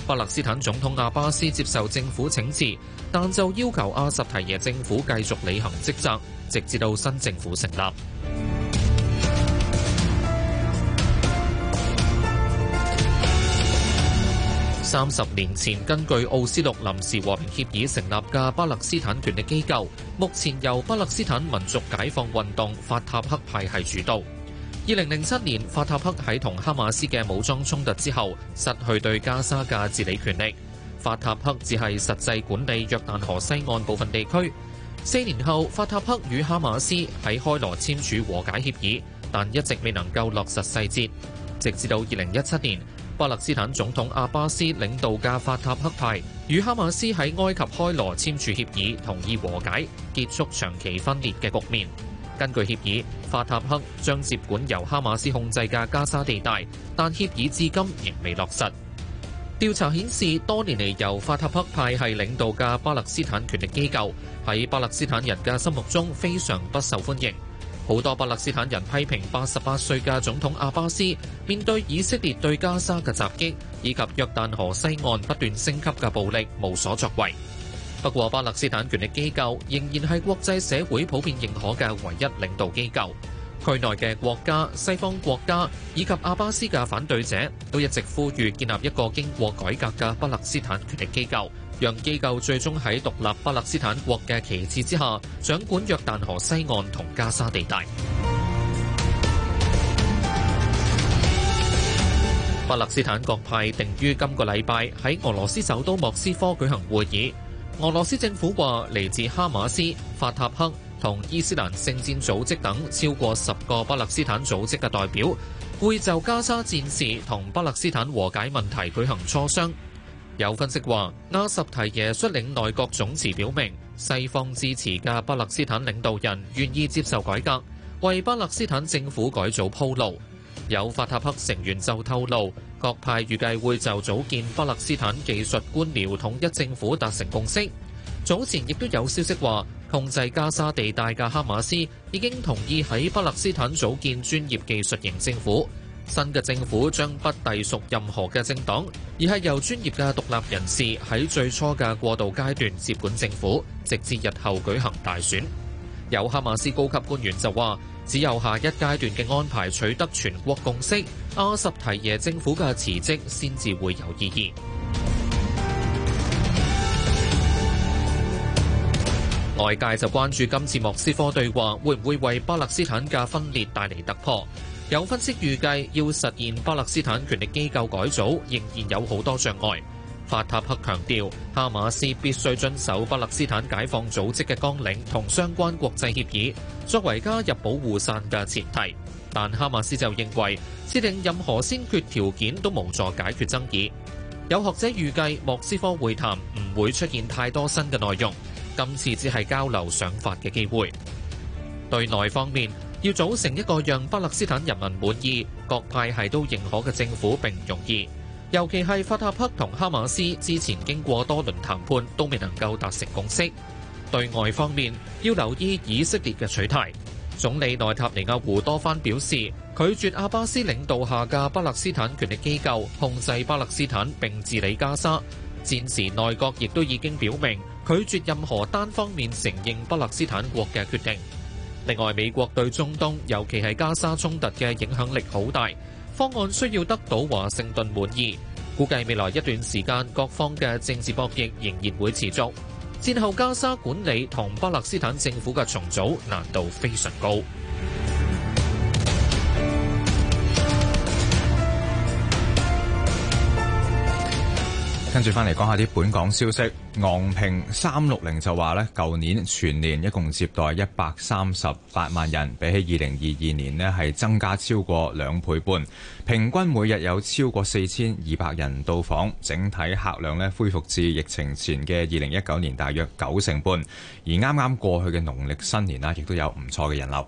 巴勒斯坦總統阿巴斯接受政府請辭，但就要求阿什提耶政府繼續履行職責，直至到新政府成立。三十年前根據《奧斯陸臨時和平協議》成立嘅巴勒斯坦權力機構，目前由巴勒斯坦民族解放運動法塔赫派系主導。二零零七年，法塔赫喺同哈馬斯嘅武裝衝突之後，失去對加沙嘅治理權力。法塔赫只係實際管理約旦河西岸部分地區。四年後，法塔赫與哈馬斯喺開羅簽署和解協議，但一直未能夠落實細節，直至到二零一七年。巴勒斯坦總統阿巴斯領導嘅法塔赫派與哈馬斯喺埃及開羅簽署協議，同意和解，結束長期分裂嘅局面。根據協議，法塔赫將接管由哈馬斯控制嘅加沙地帶，但協議至今仍未落實。調查顯示，多年嚟由法塔赫派系領導嘅巴勒斯坦權力機構喺巴勒斯坦人嘅心目中非常不受歡迎。好多巴勒斯坦人批評八十八歲嘅總統阿巴斯面對以色列對加沙嘅襲擊以及約旦河西岸不斷升級嘅暴力無所作為。不過巴勒斯坦權力機構仍然係國際社會普遍認可嘅唯一領導機構，區內嘅國家、西方國家以及阿巴斯嘅反對者都一直呼籲建立一個經過改革嘅巴勒斯坦權力機構。讓機構最終喺獨立巴勒斯坦國嘅旗幟之下，掌管約旦河西岸同加沙地帶。巴勒斯坦各派定於今個禮拜喺俄羅斯首都莫斯科舉行會議。俄羅斯政府話，嚟自哈馬斯、法塔赫同伊斯蘭聖戰組織等超過十個巴勒斯坦組織嘅代表，會就加沙戰事同巴勒斯坦和解問題舉行磋商。有分析話，阿什提耶率領內閣總辭，表明西方支持嘅巴勒斯坦領導人願意接受改革，為巴勒斯坦政府改組鋪路。有法塔赫成員就透露，各派預計會就組建巴勒斯坦技術官僚統一政府達成共識。早前亦都有消息話，控制加沙地帶嘅哈馬斯已經同意喺巴勒斯坦組建專業技術型政府。新嘅政府將不隸屬任何嘅政黨，而係由專業嘅獨立人士喺最初嘅過渡階段接管政府，直至日後舉行大選。有哈馬斯高級官員就話，只有下一階段嘅安排取得全國共識，阿什提耶政府嘅辭職先至會有意義。外界就關注今次莫斯科對話會唔會為巴勒斯坦嘅分裂帶嚟突破。有分析預計，要實現巴勒斯坦權力機構改組，仍然有好多障礙。法塔赫強調，哈馬斯必須遵守巴勒斯坦解放組織嘅綱領同相關國際協議，作為加入保護傘嘅前提。但哈馬斯就認為，設定任何先決條件都無助解決爭議。有學者預計，莫斯科會談唔會出現太多新嘅內容，今次只係交流想法嘅機會。對內方面，要組成一個讓巴勒斯坦人民滿意、各派系都認可嘅政府並唔容易，尤其係法塔赫同哈馬斯之前經過多輪談判都未能夠達成共識。對外方面，要留意以色列嘅取態，總理內塔尼亞胡多番表示拒絕阿巴斯領導下嘅巴勒斯坦權力機構控制巴勒斯坦並治理加沙。戰時內閣亦都已經表明拒絕任何單方面承認巴勒斯坦國嘅決定。另外，美國對中東，尤其係加沙衝突嘅影響力好大，方案需要得到華盛頓滿意。估計未來一段時間，各方嘅政治博弈仍然會持續。戰後加沙管理同巴勒斯坦政府嘅重組難度非常高。跟住翻嚟講下啲本港消息，昂平三六零就話呢，舊年全年一共接待一百三十八萬人，比起二零二二年呢係增加超過兩倍半。平均每日有超過四千二百人到訪，整體客量咧恢復至疫情前嘅二零一九年大約九成半，而啱啱過去嘅農曆新年啦，亦都有唔錯嘅人流。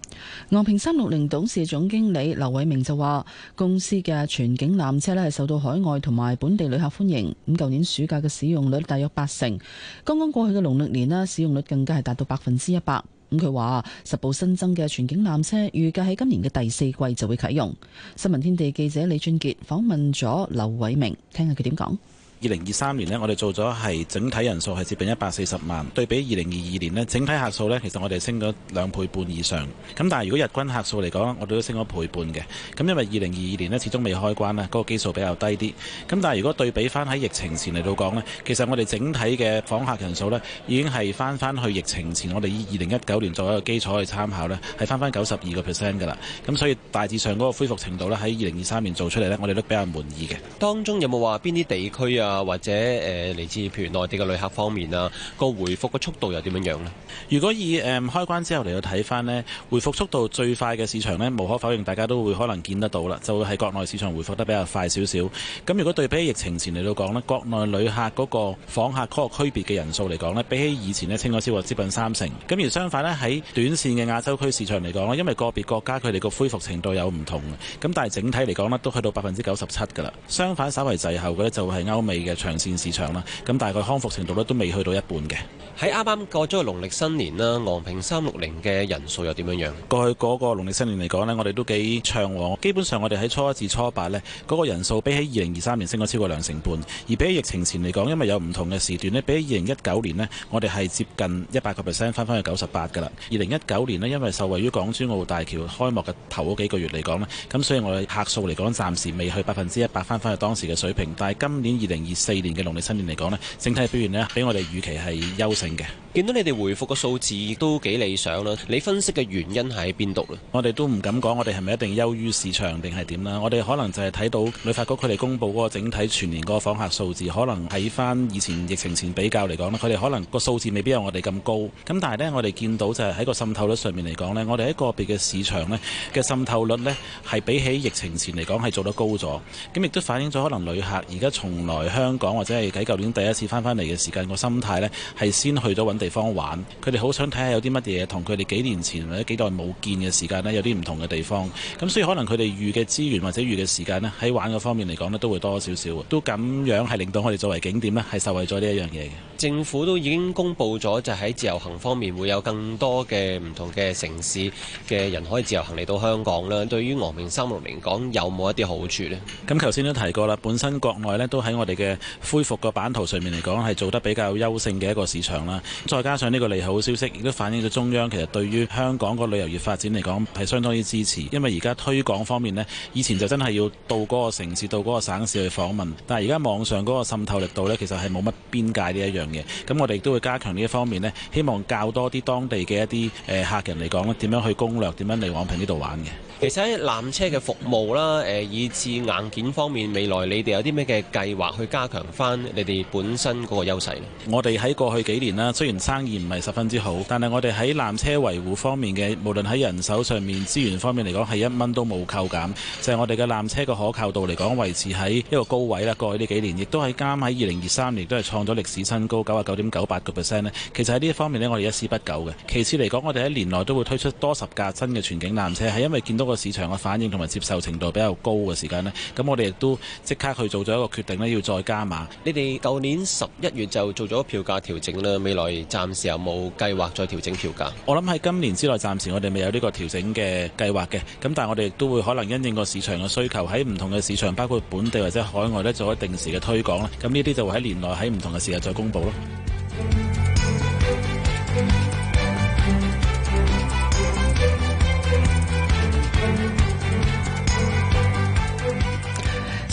昂坪三六零董事總經理劉偉明就話：公司嘅全景纜車咧係受到海外同埋本地旅客歡迎，咁舊年暑假嘅使用率大約八成，剛剛過去嘅農曆年啦，使用率更加係達到百分之一百。咁佢話十部新增嘅全景纜車，預計喺今年嘅第四季就會啟用。新聞天地記者李俊杰訪問咗劉偉明，聽下佢點講。二零二三年呢，我哋做咗係整體人數係接近一百四十萬，對比二零二二年呢，整體客數呢，其實我哋升咗兩倍半以上。咁但係如果日均客數嚟講，我哋都升咗倍半嘅。咁因為二零二二年呢，始終未開關啦，嗰、嗰個基數比較低啲。咁但係如果對比翻喺疫情前嚟到講呢，其實我哋整體嘅訪客人數呢，已經係翻翻去疫情前，我哋以二零一九年作為一個基礎去參考呢，係翻翻九十二個 percent 㗎啦。咁所以大致上嗰個恢復程度呢，喺二零二三年做出嚟呢，我哋都比較滿意嘅。當中有冇話邊啲地區啊？啊，或者誒嚟、呃、自譬如內地嘅旅客方面啊，個回復嘅速度又點樣呢？如果以誒、嗯、開關之後嚟到睇返呢，回復速度最快嘅市場呢，無可否認，大家都會可能見得到啦，就會喺國內市場回復得比較快少少。咁如果對比起疫情前嚟到講呢，國內旅客嗰個訪客嗰個區別嘅人數嚟講呢，比起以前呢，輕微消弱接近三成。咁而相反呢，喺短線嘅亞洲區市場嚟講呢，因為個別國家佢哋個恢復程度有唔同，咁但係整體嚟講呢，都去到百分之九十七㗎喇。相反，稍為滯後嘅呢，就係、是、歐美嘅長線市場啦，咁但係佢康復程度咧都未去到一半嘅。喺啱啱過咗個農曆新年啦，昂坪三六零嘅人數又點樣樣？過去嗰個農曆新年嚟講呢，我哋都幾暢旺。基本上我哋喺初一至初八呢，嗰個人數比起二零二三年升咗超過兩成半，而比起疫情前嚟講，因為有唔同嘅時段呢，比起二零一九年呢，我哋係接近一百個 percent，翻返去九十八噶啦。二零一九年呢，因為受惠於港珠澳大橋開幕嘅頭嗰幾個月嚟講咧，咁所以我哋客數嚟講暫時未去百分之一百，翻返去當時嘅水平。但係今年二零二四年嘅農曆新年嚟講呢，整體表現呢，比我哋預期係優勝。見到你哋回覆個數字都幾理想啦。你分析嘅原因係邊度呢？我哋都唔敢講，我哋係咪一定優於市場定係點啦？我哋可能就係睇到旅發局佢哋公布嗰個整體全年個訪客數字，可能喺翻以前疫情前比較嚟講呢，佢哋可能個數字未必有我哋咁高。咁但係呢，我哋見到就係喺個滲透率上面嚟講呢，我哋喺個別嘅市場呢嘅滲透率呢，係比起疫情前嚟講係做得高咗。咁亦都反映咗可能旅客而家從來香港或者係喺舊年第一次翻返嚟嘅時間，個心態呢，係先。去咗揾地方玩，佢哋好想睇下有啲乜嘢同佢哋幾年前或者幾代冇見嘅時間咧，有啲唔同嘅地方。咁所以可能佢哋預嘅資源或者預嘅時間咧，喺玩嘅方面嚟講咧，都會多少少都咁樣，係令到我哋作為景點咧，係受惠咗呢一樣嘢嘅。政府都已經公布咗，就喺自由行方面會有更多嘅唔同嘅城市嘅人可以自由行嚟到香港啦。對於昂坪三六零嚟講有冇一啲好處咧？咁頭先都提過啦，本身國內咧都喺我哋嘅恢復個版圖上面嚟講，係做得比較優勝嘅一個市場。再加上呢個利好消息，亦都反映咗中央其實對於香港個旅遊業發展嚟講係相當之支持。因為而家推廣方面呢，以前就真係要到嗰個城市、到嗰個省市去訪問，但係而家網上嗰個滲透力度呢，其實係冇乜邊界呢一樣嘢。咁我哋亦都會加強呢一方面呢，希望教多啲當地嘅一啲誒客人嚟講，點樣去攻略，點樣嚟往平呢度玩嘅。其實喺纜車嘅服務啦，誒以至硬件方面，未來你哋有啲咩嘅計劃去加強翻你哋本身嗰個優勢呢？我哋喺過去幾年啦，雖然生意唔係十分之好，但係我哋喺纜車維護方面嘅，無論喺人手上面、資源方面嚟講，係一蚊都冇扣減，就係我哋嘅纜車嘅可靠度嚟講，維持喺一個高位啦。過去呢幾年，亦都係啱喺二零二三年，都係創咗歷史新高九十九點九八個 percent 咧。其實喺呢一方面呢，我哋一絲不苟嘅。其次嚟講，我哋喺年內都會推出多十架新嘅全景纜車，係因為見到。個市場嘅反應同埋接受程度比較高嘅時間呢，咁我哋亦都即刻去做咗一個決定呢，要再加碼。你哋舊年十一月就做咗票價調整啦，未來暫時有冇計劃再調整票價？我諗喺今年之內，暫時我哋未有呢個調整嘅計劃嘅。咁但係我哋亦都會可能因應個市場嘅需求，喺唔同嘅市場，包括本地或者海外呢，做一定時嘅推廣啦。咁呢啲就會喺年內喺唔同嘅時候再公布咯。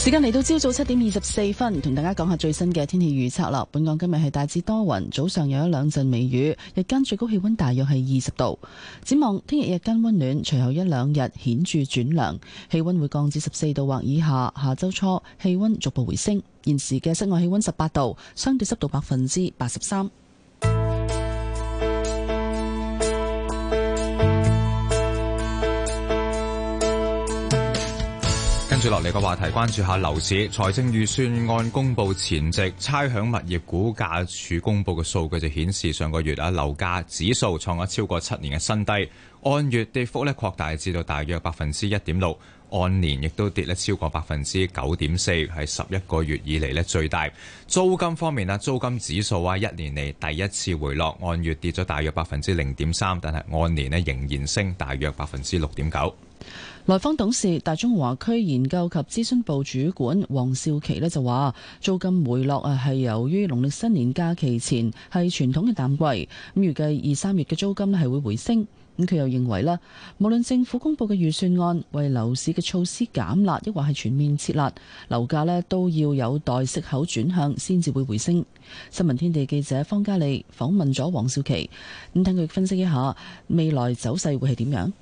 時間嚟到朝早七點二十四分，同大家講下最新嘅天氣預測啦。本港今日係大致多雲，早上有一兩陣微雨，日間最高氣溫大約係二十度。展望聽日日間溫暖，隨後一兩日顯著轉涼，氣溫會降至十四度或以下。下周初氣溫逐步回升。現時嘅室外氣溫十八度，相對濕度百分之八十三。接落嚟個話題，關注下樓市。財政預算案公布前夕，差餉物業估價處公布嘅數據就顯示，上個月啊樓價指數創咗超過七年嘅新低，按月跌幅咧擴大至到大約百分之一點六，按年亦都跌咧超過百分之九點四，係十一個月以嚟咧最大。租金方面啊，租金指數啊一年嚟第一次回落，按月跌咗大約百分之零點三，但係按年咧仍然升大約百分之六點九。來方董事、大中華區研究及諮詢部主管黃少奇咧就話：租金回落啊，係由於農曆新年假期前係傳統嘅淡季，咁預計二三月嘅租金咧係會回升。咁佢又認為啦，無論政府公佈嘅預算案為樓市嘅措施減辣，抑或係全面撤辣，樓價咧都要有待息口轉向先至會回升。新聞天地記者方嘉莉訪問咗黃少奇，咁聽佢分析一下未來走勢會係點樣。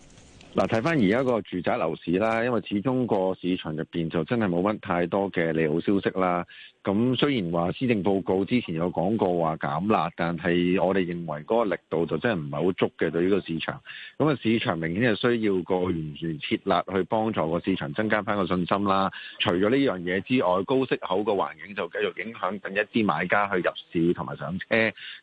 嗱，睇返而家個住宅樓市啦，因為始終個市場入邊就真係冇乜太多嘅利好消息啦。咁雖然話施政報告之前有講過話減辣，但係我哋認為嗰個力度就真係唔係好足嘅對呢個市場。咁啊市場明顯係需要個完全撤辣去幫助個市場增加翻個信心啦。除咗呢樣嘢之外，高息口個環境就繼續影響緊一啲買家去入市同埋上車。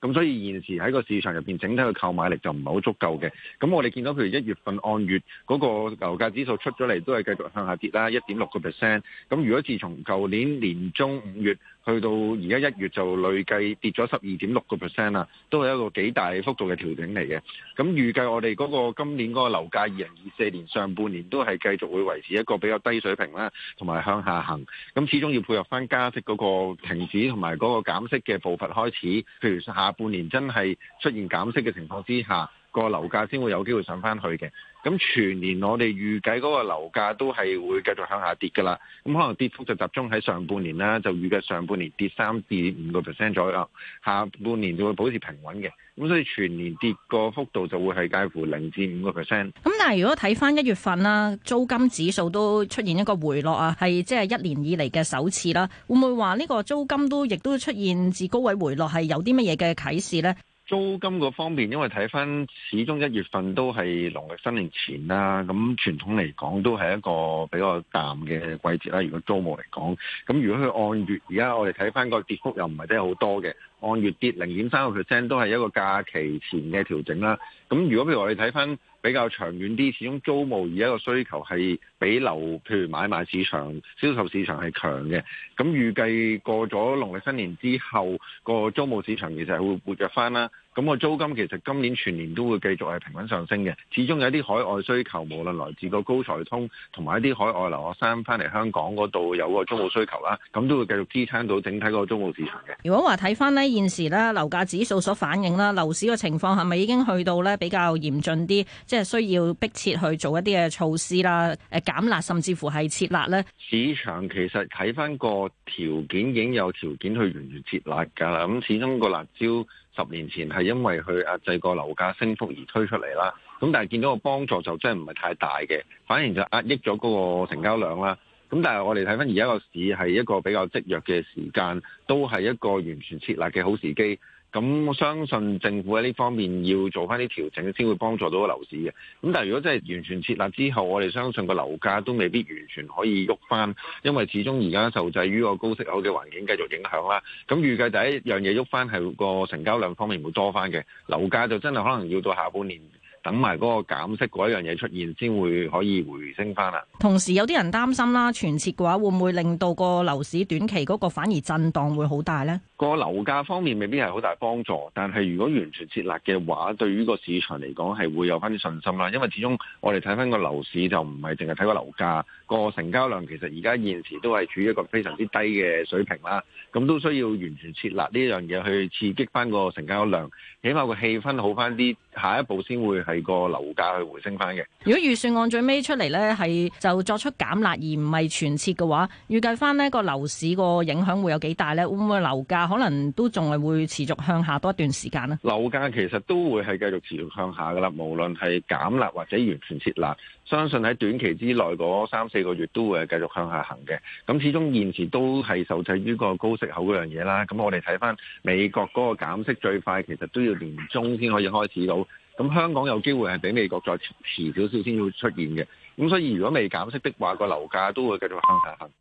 咁所以現時喺個市場入面，整體嘅購買力就唔係好足夠嘅。咁我哋見到譬如一月份按月嗰個樓價指數出咗嚟都係繼續向下跌啦，一點六個 percent。咁如果自從舊年年中五月，去到而家一月就累計跌咗十二點六個 percent 啦，都係一個幾大幅度嘅調整嚟嘅。咁預計我哋嗰個今年嗰個樓價，二零二四年上半年都係繼續會維持一個比較低水平啦，同埋向下行。咁始終要配合翻加息嗰個停止同埋嗰個減息嘅步伐開始。譬如下半年真係出現減息嘅情況之下。個樓價先會有機會上翻去嘅，咁全年我哋預計嗰個樓價都係會繼續向下跌㗎啦。咁可能跌幅就集中喺上半年啦，就預計上半年跌三至五個 percent 左右，下半年就會保持平穩嘅。咁所以全年跌個幅度就會係介乎零至五個 percent。咁但係如果睇翻一月份啦，租金指數都出現一個回落啊，係即係一年以嚟嘅首次啦。會唔會話呢個租金都亦都出現自高位回落，係有啲乜嘢嘅啟示呢？租金個方面，因為睇翻，始終一月份都係農曆新年前啦，咁傳統嚟講都係一個比較淡嘅季節啦。如果租務嚟講，咁如果佢按月，而家我哋睇翻個跌幅又唔係真係好多嘅，按月跌零點三個 percent 都係一個假期前嘅調整啦。咁如果譬如我哋睇翻。比較長遠啲，始終租務而家個需求係比樓，譬如買賣市場、銷售市場係強嘅。咁預計過咗農曆新年之後，個租務市場其實係會活躍翻啦。咁個租金其實今年全年都會繼續係平穩上升嘅。始終有啲海外需求，無論來自個高才通同埋一啲海外留學生翻嚟香港嗰度有個租務需求啦，咁都會繼續支撐到整體個租務市場嘅。如果話睇翻呢現時咧樓價指數所反映啦，樓市個情況係咪已經去到咧比較嚴峻啲？即係需要迫切去做一啲嘅措施啦，誒減辣甚至乎係撤辣咧。市場其實睇返個條件已經有條件去完全撤辣㗎啦。咁始終個辣招十年前係因為佢壓制個樓價升幅而推出嚟啦。咁但係見到個幫助就真係唔係太大嘅，反而就壓抑咗嗰個成交量啦。咁但係我哋睇返而家個市係一個比較積弱嘅時間，都係一個完全撤辣嘅好時機。咁我相信政府喺呢方面要做翻啲調整，先會幫助到個樓市嘅。咁但係如果真係完全設立之後，我哋相信個樓價都未必完全可以喐翻，因為始終而家受制於個高息口嘅環境繼續影響啦。咁預計第一樣嘢喐翻係個成交量方面會多翻嘅，樓價就真係可能要到下半年。等埋嗰個減息嗰一樣嘢出現先會可以回升翻啦。同時有啲人擔心啦，全撤嘅話會唔會令到個樓市短期嗰個反而震盪會好大咧？個樓價方面未必係好大幫助，但係如果完全撤辣嘅話，對於個市場嚟講，係會有翻啲信心啦。因為始終我哋睇翻個樓市就唔係淨係睇個樓價，個成交量其實而家現時都係處於一個非常之低嘅水平啦。咁都需要完全撤辣呢樣嘢去刺激翻個成交量，起碼個氣氛好翻啲，下一步先會。係個樓價去回升翻嘅。如果預算案最尾出嚟呢，係就作出減辣而唔係全撤嘅話，預計翻呢個樓市個影響會有幾大呢？會唔會樓價可能都仲係會持續向下多一段時間呢？樓價其實都會係繼續持續向下噶啦。無論係減辣或者完全撤辣，相信喺短期之內嗰三四個月都會繼續向下行嘅。咁始終現時都係受制於個高息口嗰樣嘢啦。咁我哋睇翻美國嗰個減息最快，其實都要年中先可以開始到。咁香港有機會係比美國再遲少少先會出現嘅，咁所以如果未減息的話，個樓價都會繼續向下行。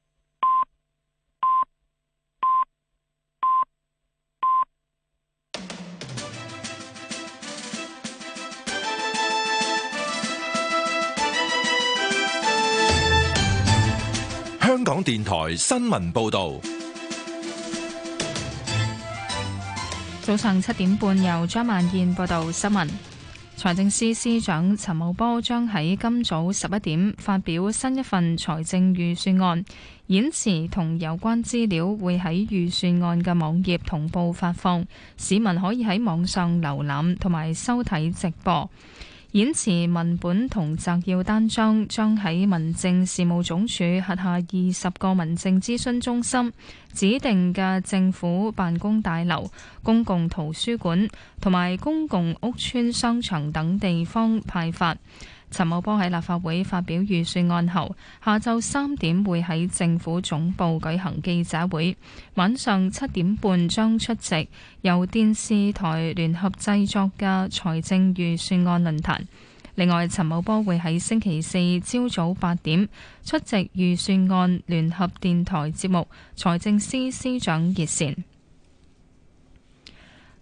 香港電台新聞報導，早上七點半由張萬燕報道新聞。財政司司長陳茂波將喺今早十一點發表新一份財政預算案，演辭同有關資料會喺預算案嘅網頁同步發放，市民可以喺網上瀏覽同埋收睇直播。演詞文本同摘要單張將喺民政事務總署轄下二十個民政諮詢中心、指定嘅政府辦公大樓、公共圖書館同埋公共屋邨、商場等地方派發。陳茂波喺立法會發表預算案後，下晝三點會喺政府總部舉行記者會，晚上七點半將出席由電視台聯合製作嘅財政預算案論壇。另外，陳茂波會喺星期四朝早八點出席預算案聯合電台節目《財政司司長熱線》。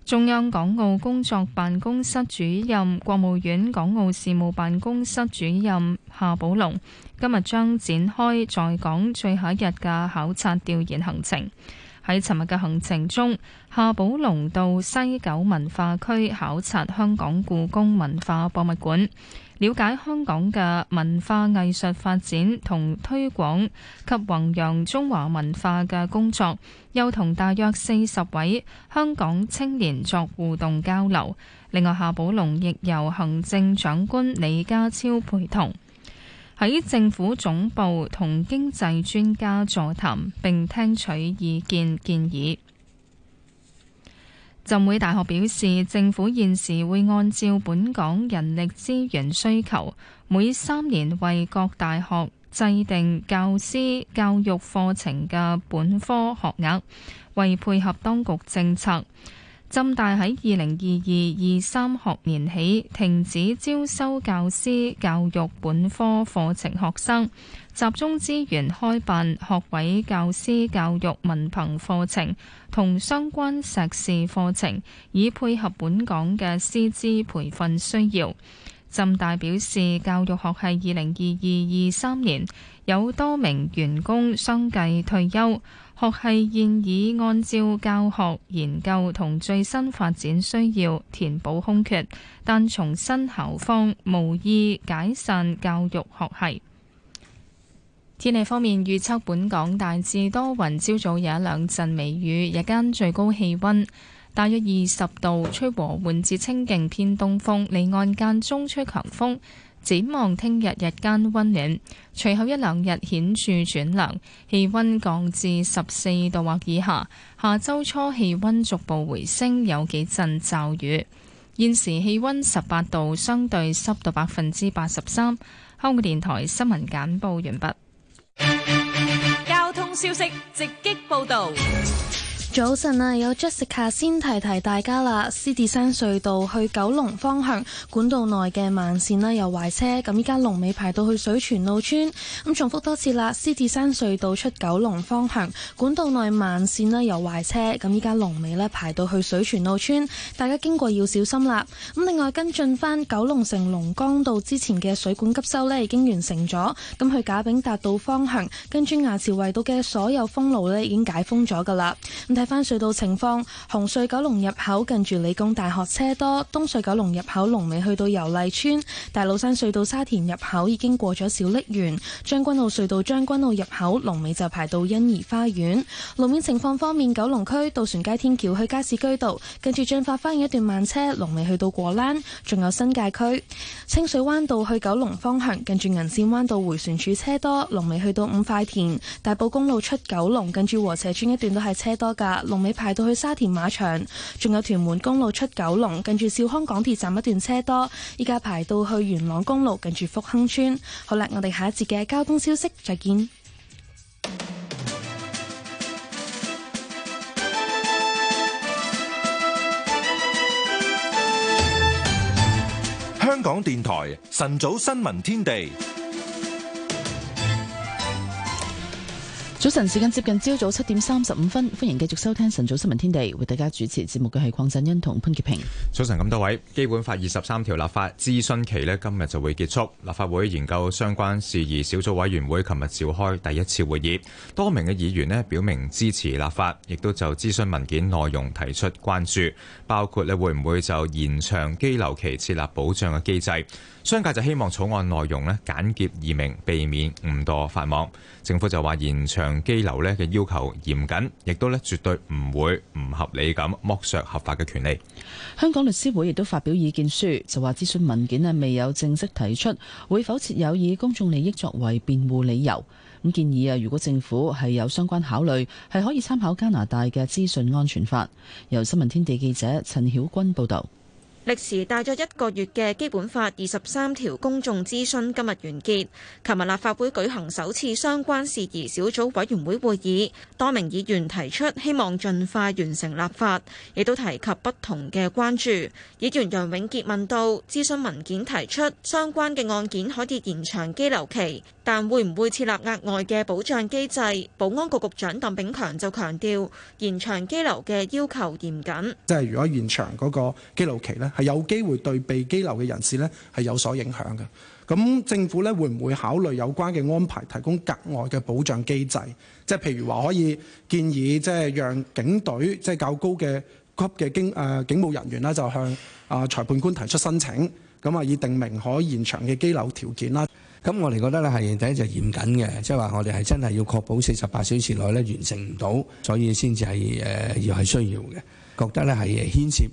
中央港澳工作辦公室主任、國務院港澳事務辦公室主任夏寶龍今日將展開在港最後一日嘅考察調研行程。喺尋日嘅行程中，夏寶龍到西九文化區考察香港故宮文化博物館。了解香港嘅文化藝術發展同推廣及弘揚中華文化嘅工作，又同大約四十位香港青年作互動交流。另外，夏寶龍亦由行政長官李家超陪同，喺政府總部同經濟專家座談，並聽取意見建議。浸會大學表示，政府現時會按照本港人力資源需求，每三年為各大學制定教師教育課程嘅本科學額。為配合當局政策，浸大喺二零二二、二三學年起停止招收教師教育本科課程學生。集中資源開辦學位教師教育文憑課程同相關碩士課程，以配合本港嘅師資培訓需要。浸大表示，教育學系二零二二二三年有多名員工相繼退休，學系現已按照教學研究同最新發展需要填補空缺，但重申校方無意解散教育學系。天氣方面預測，本港大致多雲，朝早有一兩陣微雨，日間最高氣溫大約二十度，吹和緩至清勁偏東風，離岸間中吹強風。展望聽日日間溫暖，隨後一兩日顯著轉涼，氣溫降至十四度或以下。下周初氣溫逐步回升，有幾陣驟雨。現時氣溫十八度，相對濕度百分之八十三。香港電台新聞簡報完畢。交通消息，直擊報道。早晨啊，有 Jessica 先提提大家啦。獅子山隧道去九龍方向管道內嘅慢線呢，又壞車，咁依家龍尾排到去水泉澳邨。咁重複多次啦，獅子山隧道出九龍方向管道內慢線呢，又壞車，咁依家龍尾咧排到去水泉澳邨，大家經過要小心啦。咁另外跟進翻九龍城龍崗道之前嘅水管急修咧，已經完成咗。咁去賈炳達道方向跟住衙前圍道嘅所有封路咧，已經解封咗噶啦。睇翻隧道情況，紅隧九龍入口近住理工大學車多，東隧九龍入口龍尾去到油麗邨，大老山隧道沙田入口已經過咗小瀝源，將軍澳隧道將軍澳入口龍尾就排到欣怡花園。路面情況方面，九龍區渡船街天橋去加士居道，近住進發翻現一段慢車，龍尾去到果欄，仲有新界區清水灣道去九龍方向，近住銀線灣道回旋處車多，龍尾去到五塊田，大埔公路出九龍，近住禾輋村一段都係車多噶。龍尾排到去沙田馬場，仲有屯門公路出九龍，近住兆康港鐵站一段車多，依家排到去元朗公路，近住福亨村。好啦，我哋下一節嘅交通消息再見。香港電台晨早新聞天地。早晨，時間接近朝早七點三十五分，歡迎繼續收聽晨早新聞天地，為大家主持節目嘅係鄺振恩同潘潔平。早晨，咁多位，基本法二十三條立法諮詢期呢，今日就會結束，立法會研究相關事宜小組委員會琴日召開第一次會議，多名嘅議員呢，表明支持立法，亦都就諮詢文件內容提出關注，包括你會唔會就延長羈留期設立保障嘅機制。商界就希望草案內容咧簡潔易明，避免誤墮法網。政府就話延長羈留咧嘅要求嚴謹，亦都咧絕對唔會唔合理咁剝削合法嘅權利。香港律師會亦都發表意見書，就話諮詢文件咧未有正式提出，會否設有以公眾利益作為辯護理由。咁建議啊，如果政府係有相關考慮，係可以參考加拿大嘅資訊安全法。由新聞天地記者陳曉君報道。歷時大約一個月嘅《基本法》二十三條公眾諮詢今日完結。琴日立法會舉行首次相關事宜小組委員會會議，多名議員提出希望盡快完成立法，亦都提及不同嘅關注。議員楊永傑問到，諮詢文件提出相關嘅案件可以延長羈留期。但會唔會設立額外嘅保障機制？保安局局長鄧炳強就強調，延長拘留嘅要求嚴謹，即係如果延長嗰個拘留期咧，係有機會對被拘留嘅人士咧係有所影響嘅。咁政府咧會唔會考慮有關嘅安排，提供額外嘅保障機制？即係譬如話可以建議，即係讓警隊即係、就是、較高嘅級嘅經誒警務人員咧，就向啊裁判官提出申請，咁啊以訂明可延長嘅拘留條件啦。咁我哋覺得咧係第一就嚴謹嘅，即係話我哋係真係要確保四十八小時內咧完成唔到，所以先至係要係需要嘅。覺得咧係牽涉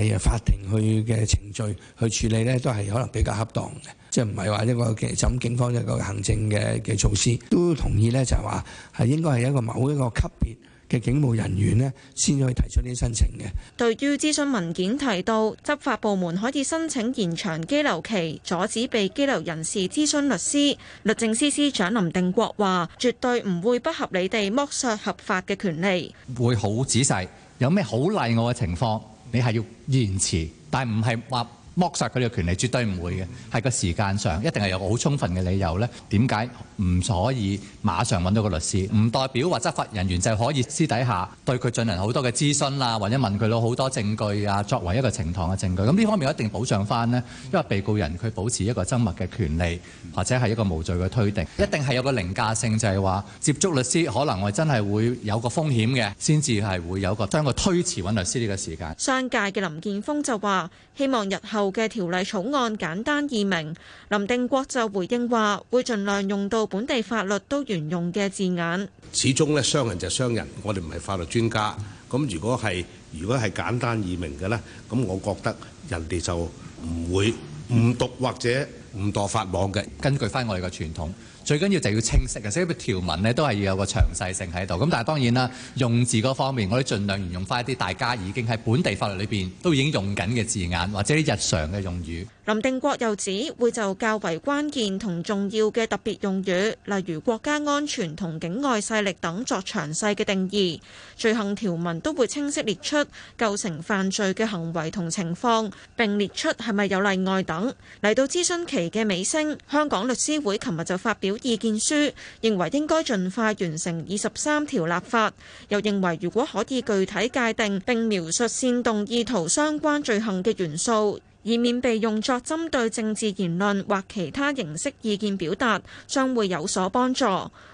係法庭去嘅程序去處理咧，都係可能比較恰當嘅，即係唔係話一個審警方一個行政嘅嘅措施。都同意咧就係話係應該係一個某一個級別。嘅警務人員咧，先可以提出啲申請嘅。對於諮詢文件提到執法部門可以申請延長羈留期、阻止被羈留人士諮詢律師，律政司司長林定國話：絕對唔會不合理地剝削合法嘅權利。會好仔細，有咩好例外嘅情況，你係要延遲，但係唔係話剝削佢哋嘅權利？絕對唔會嘅，係個時間上一定係有好充分嘅理由呢？點解？唔可以馬上揾到個律師，唔代表或執法人員就可以私底下對佢進行好多嘅諮詢啦，或者問佢攞好多證據啊，作為一個呈堂嘅證據，咁呢方面一定保障翻咧，因為被告人佢保持一個緘默嘅權利，或者係一個無罪嘅推定，一定係有個凌駕性，就係話接觸律師可能我真係會有個風險嘅，先至係會有個將個推遲揾律師呢個時間。商界嘅林健鋒就話希望日後嘅條例草案簡單易明。林定國就回應話會盡量用到。本地法律都沿用嘅字眼，始終咧，商人就係商人，我哋唔係法律專家。咁如果係，如果係簡單易明嘅咧，咁我覺得人哋就唔會誤讀或者誤墮法網嘅。根據翻我哋嘅傳統，最緊要就係要清晰嘅，所以條文咧都係要有個詳細性喺度。咁但係當然啦，用字嗰方面，我哋盡量沿用翻一啲大家已經喺本地法律裏邊都已經用緊嘅字眼，或者啲日常嘅用語。林定國又指會就較為關鍵同重要嘅特別用語，例如國家安全同境外勢力等作詳細嘅定義；罪行條文都會清晰列出構成犯罪嘅行為同情況，並列出係咪有例外等。嚟到諮詢期嘅尾聲，香港律師會琴日就發表意見書，認為應該盡快完成二十三條立法，又認為如果可以具體界定並描述煽動意圖相關罪行嘅元素，以免被用作針對政治言論或其他形式意見表達，將會有所幫助。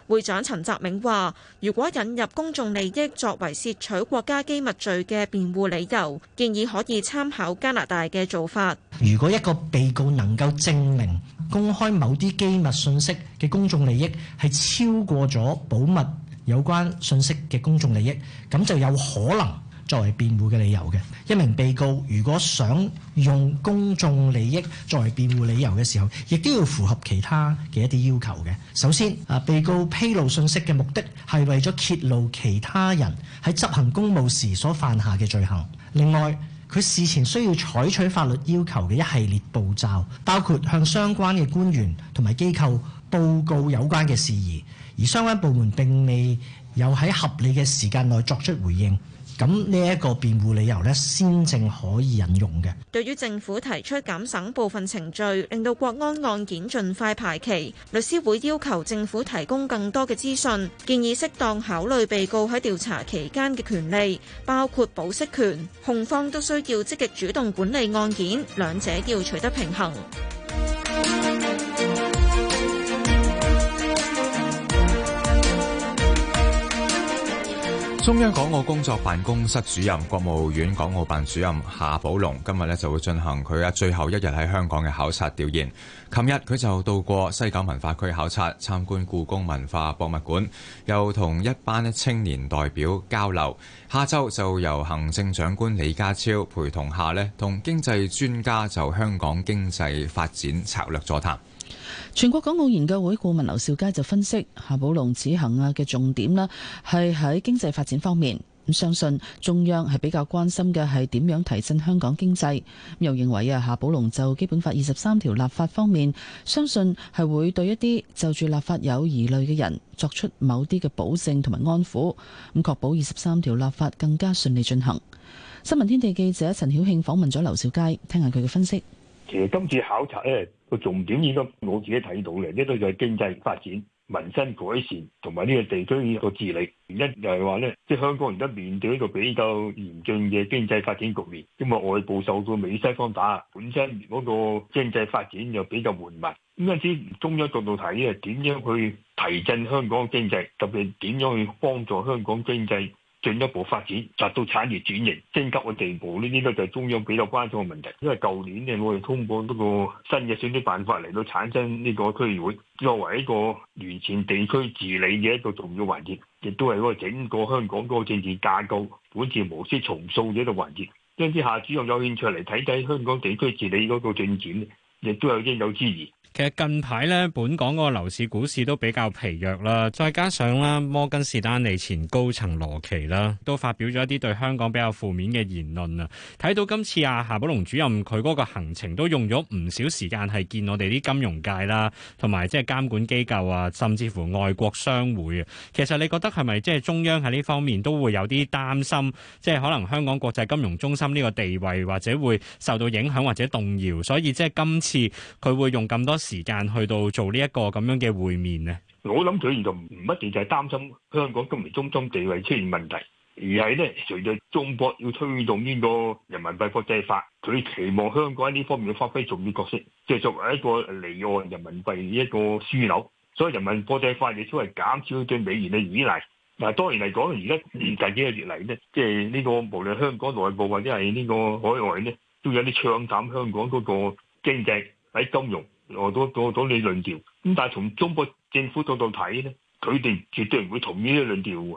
會長陳澤銘話，如果引入公眾利益作為竊取國家機密罪嘅辯護理由，建議可以參考加拿大嘅做法。如果一個被告能夠證明公開某啲機密信息嘅公眾利益係超過咗保密有關信息嘅公眾利益，咁就有可能。作為辯護嘅理由嘅一名被告，如果想用公眾利益作為辯護理由嘅時候，亦都要符合其他嘅一啲要求嘅。首先，啊，被告披露信息嘅目的係為咗揭露其他人喺執行公務時所犯下嘅罪行。另外，佢事前需要採取法律要求嘅一系列步驟，包括向相關嘅官員同埋機構報告有關嘅事宜，而相關部門並未有喺合理嘅時間內作出回應。咁呢一個辯護理由呢先正可以引用嘅。對於政府提出減省部分程序，令到國安案件盡快排期，律師會要求政府提供更多嘅資訊，建議適當考慮被告喺調查期間嘅權利，包括保釋權。控方都需要積極主動管理案件，兩者要取得平衡。中央港澳工作辦公室主任、國務院港澳辦主任夏寶龍今日咧就會進行佢嘅最後一日喺香港嘅考察調研。琴日佢就到過西九文化區考察，參觀故宮文化博物館，又同一班青年代表交流。下周就由行政長官李家超陪同下呢，同經濟專家就香港經濟發展策略座談。全國港澳研究會顧問劉兆佳就分析夏寶龍此行啊嘅重點啦，係喺經濟發展方面。咁相信中央係比較關心嘅係點樣提振香港經濟。又認為啊，夏寶龍就基本法二十三條立法方面，相信係會對一啲就住立法有疑慮嘅人作出某啲嘅保證同埋安撫，咁確保二十三條立法更加順利進行。新聞天地記者陳曉慶訪問咗劉兆佳，聽下佢嘅分析。其實今次考察呢。個重點應該我自己睇到嘅，呢個就係經濟發展、民生改善同埋呢個地區個治理。原因就係話咧，即係香港而家面對一個比較嚴峻嘅經濟發展局面，因為外部受到美西方打，本身嗰個經濟發展就比較緩慢。咁嗰陣時中央角度睇咧，點樣去提振香港經濟，特別點樣去幫助香港經濟？進一步發展，達到產業轉型、升級嘅地步呢，呢啲咧就係中央比較關注嘅問題。因為舊年呢，我哋通過一個新嘅選舉辦法嚟到產生呢個區議會，作為一個完善地區治理嘅一個重要環節，亦都係嗰個整個香港嗰個政治架構、管治模式重塑嘅一個環節。因此，下主要有興趣嚟睇睇香港地區治理嗰個進展，亦都有應有之義。其實近排呢，本港個樓市、股市都比較疲弱啦。再加上啦，摩根士丹利前高層羅奇啦，都發表咗一啲對香港比較負面嘅言論啊。睇到今次啊，夏寶龍主任佢嗰個行程，都用咗唔少時間係見我哋啲金融界啦，同埋即係監管機構啊，甚至乎外國商會啊。其實你覺得係咪即係中央喺呢方面都會有啲擔心，即係可能香港國際金融中心呢個地位或者會受到影響或者動搖，所以即係今次佢會用咁多？時間去到做呢一個咁樣嘅會面咧，我諗佢而就唔一定就係擔心香港金融中心地位出現問題，而係咧隨着中國要推動呢個人民幣國際化，佢期望香港喺呢方面要發揮重要的角色，即係作為一個離岸人民幣一個樞紐。所以人民幣國際化亦都係減少對美元嘅依賴。嗱，當然嚟講，而家近幾個月嚟呢，即係呢個無論香港內部或者係呢個海外呢，都有啲唱淡香港嗰個經濟喺金融。我都講到你論調，咁但係從中國政府角度睇咧，佢哋絕對唔會同意呢個論調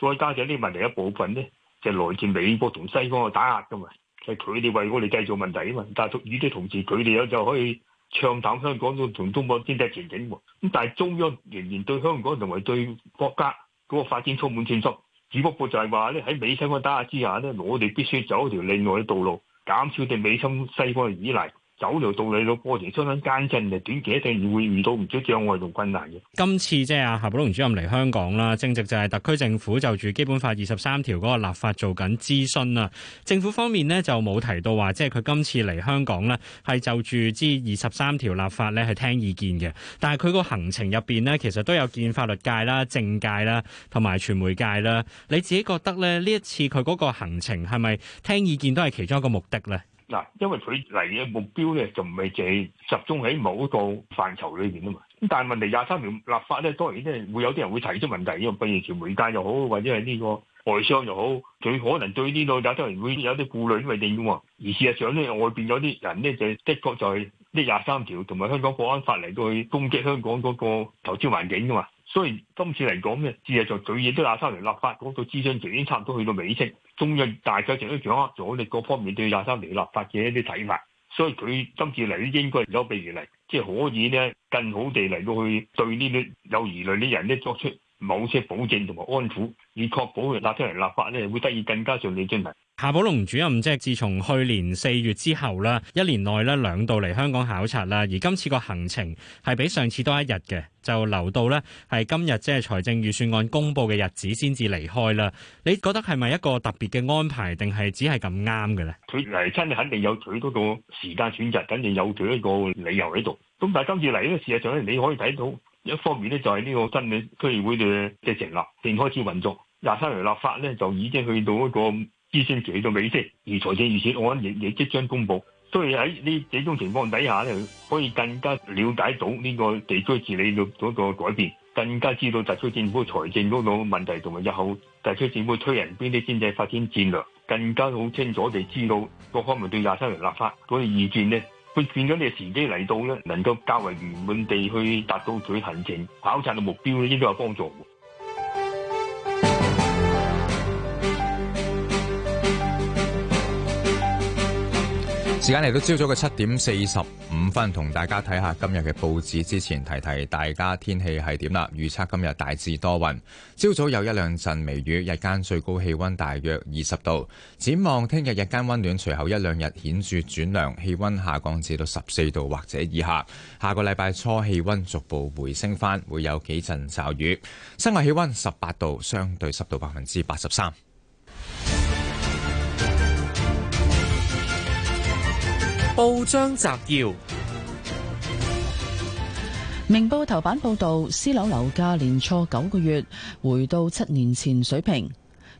喎。再加上呢問題一部分咧，就係來自美國同西方嘅打壓噶嘛，就係佢哋為我哋製造問題啊嘛。但係與此同時，佢哋就可以暢談香港同中國嘅經濟前景喎。咁但係中央仍然對香港同埋對國家嗰個發展充滿信心，只不過就係話咧喺美西方嘅打壓之下咧，我哋必須走一條另外嘅道路，減少對美心西方嘅依賴。走嚟到你攞波程，相相艱辛嘅。短期一定會遇到唔少障礙同困難嘅。今次即係啊，夏寶龍主任嚟香港啦，正值就係特區政府就住基本法二十三條嗰個立法做緊諮詢啦。政府方面呢，就冇提到話，即係佢今次嚟香港咧係就住知二十三條立法呢係聽意見嘅。但係佢個行程入邊呢，其實都有見法律界啦、政界啦、同埋傳媒界啦。你自己覺得咧呢一次佢嗰個行程係咪聽意見都係其中一個目的咧？嗱，因為佢嚟嘅目標咧，就唔係淨係集中喺某一個範疇裏邊啊嘛。咁但係問題廿三條立法咧，當然咧會有啲人會提出問題，因為譬如傳媒界又好，或者係呢個外商又好，佢可能對呢個大家人會有啲顧慮，因為點啊？而事實上咧，外邊有啲人咧就的確就係呢廿三條同埋香港國安法嚟到去攻擊香港嗰個投資環境噶嘛。雖然今次嚟講咧，事實就最嘢都廿三年立法講到諮詢，已經差唔多去到尾聲。中央大概仲都掌握咗你各方面對廿三年立法嘅一啲睇法，所以佢今次嚟應該有備而嚟，即係可以咧更好地嚟到去對呢啲有疑慮啲人咧作出。某些保證同埋安撫，以確保佢立出嚟立法咧，會得以更加順利進行。夏寶龍主任即係自從去年四月之後啦，一年內咧兩度嚟香港考察啦，而今次個行程係比上次多一日嘅，就留到咧係今日即係財政預算案公布嘅日子先至離開啦。你覺得係咪一個特別嘅安排，定係只係咁啱嘅咧？佢嚟親肯定有佢嗰個時間選擇，肯定有佢一個理由喺度。咁但係今次嚟咧，事實上咧，你可以睇到。一方面咧就係、是、呢個新嘅區議會嘅嘅成立，並開始運作。廿三條立法咧就已經去到一個諮詢期嘅尾聲，而財政預算案亦亦即將公布。所以喺呢幾種情況底下咧，可以更加了解到呢個地區治理嘅嗰個改變，更加知道特區政府財政嗰度問題同埋日後特區政府推人邊啲經濟發展戰略，更加好清楚地知道各方面對廿三條立法嗰個意見咧。佢轉咗你嘅時機嚟到咧，能夠較為圓滿地去達到佢行程考察嘅目標咧，應該有幫助。時間嚟到朝早嘅七點四十五分，同大家睇下今日嘅報紙。之前提提大家天氣係點啦，預測今日大致多雲，朝早有一兩陣微雨，日間最高氣溫大約二十度。展望聽日日間溫暖，隨後一兩日顯著轉涼，氣溫下降至到十四度或者以下。下個禮拜初氣溫逐步回升翻，會有幾陣驟雨。室外氣溫十八度，相對濕度百分之八十三。報章摘要：明報頭版報道，私樓樓價連挫九個月，回到七年前水平。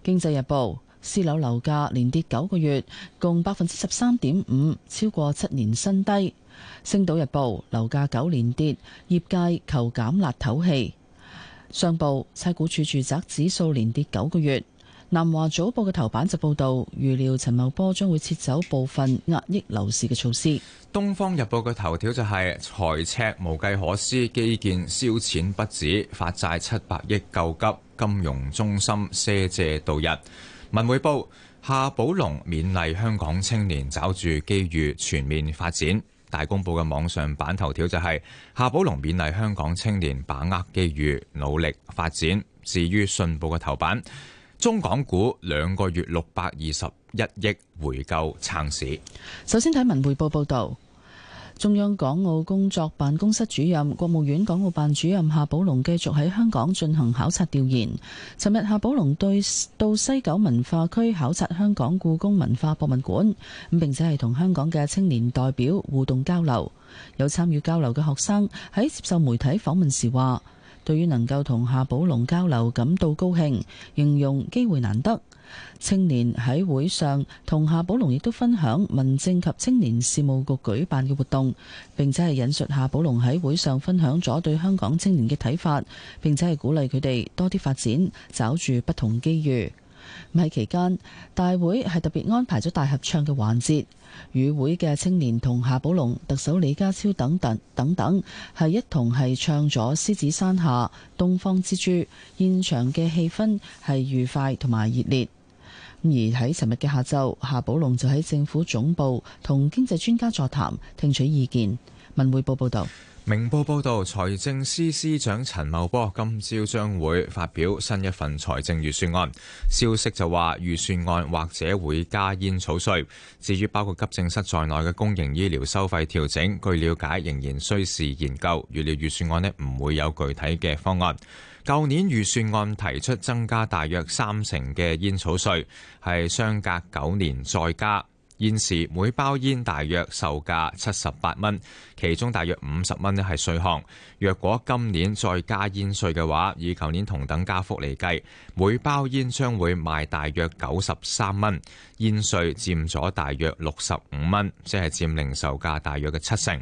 經濟日報，私樓樓價連跌九個月，共百分之十三點五，超過七年新低。星島日報，樓價九連跌，業界求減辣透氣。商報，差股處住宅指數連跌九個月。南華早報嘅頭版就報道，預料陳茂波將會撤走部分壓抑樓市嘅措施。東方日報嘅頭條就係財赤無計可施，基建燒錢不止，發債七百億救急，金融中心賒借度日。文匯報夏寶龍勉勵香港青年抓住機遇全面發展。大公報嘅網上版頭條就係夏寶龍勉勵香港青年把握機遇，努力發展。至於信報嘅頭版。中港股兩個月六百二十一億回購撐市。首先睇文匯報報導，中央港澳工作辦公室主任、國務院港澳辦主任夏寶龍繼續喺香港進行考察調研。尋日，夏寶龍對到西九文化區考察香港故宮文化博物館，咁並且係同香港嘅青年代表互動交流。有參與交流嘅學生喺接受媒體訪問時話，對於能夠同夏寶龍交流感到高興，形容機會難得。青年喺會上同夏寶龍亦都分享民政及青年事務局舉辦嘅活動，並且係引述夏寶龍喺會上分享咗對香港青年嘅睇法，並且係鼓勵佢哋多啲發展，抓住不同機遇。咁喺期間，大會係特別安排咗大合唱嘅環節，與會嘅青年同夏寶龍、特首李家超等等等等係一同係唱咗《獅子山下》《東方之珠》，現場嘅氣氛係愉快同埋熱烈。而喺尋日嘅下晝，夏寶龍就喺政府總部同經濟專家座談，聽取意見。文匯報報道。明報報道，財政司司長陳茂波今朝將會發表新一份財政預算案，消息就話預算案或者會加煙草稅。至於包括急症室在內嘅公營醫療收費調整，據了解仍然需時研究。預料預算案呢唔會有具體嘅方案。舊年預算案提出增加大約三成嘅煙草稅，係相隔九年再加。現時每包煙大約售價七十八蚊，其中大約五十蚊咧係稅項。若果今年再加煙稅嘅話，以舊年同等加幅嚟計，每包煙將會賣大約九十三蚊，煙稅佔咗大約六十五蚊，即係佔零售價大約嘅七成，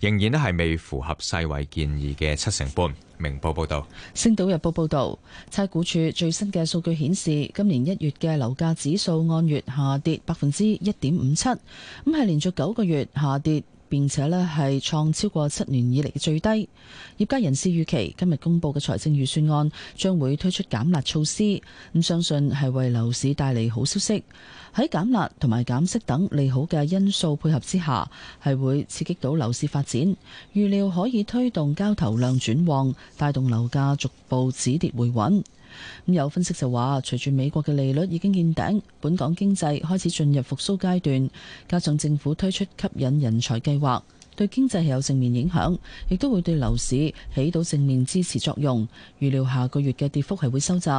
仍然咧係未符合世衞建議嘅七成半。明報報道，星島日報報道，差估處最新嘅數據顯示，今年一月嘅樓價指數按月下跌百分之一點五七，咁係連續九個月下跌，並且呢係創超過七年以嚟嘅最低。業界人士預期今日公布嘅財政預算案將會推出減辣措施，咁相信係為樓市帶嚟好消息。喺減辣同埋減息等利好嘅因素配合之下，係會刺激到樓市發展，預料可以推動交投量轉旺，帶動樓價逐步止跌回穩。咁有分析就話，隨住美國嘅利率已經見頂，本港經濟開始進入復甦階段，加上政府推出吸引人才計劃。對經濟係有正面影響，亦都會對樓市起到正面支持作用。預料下個月嘅跌幅係會收窄，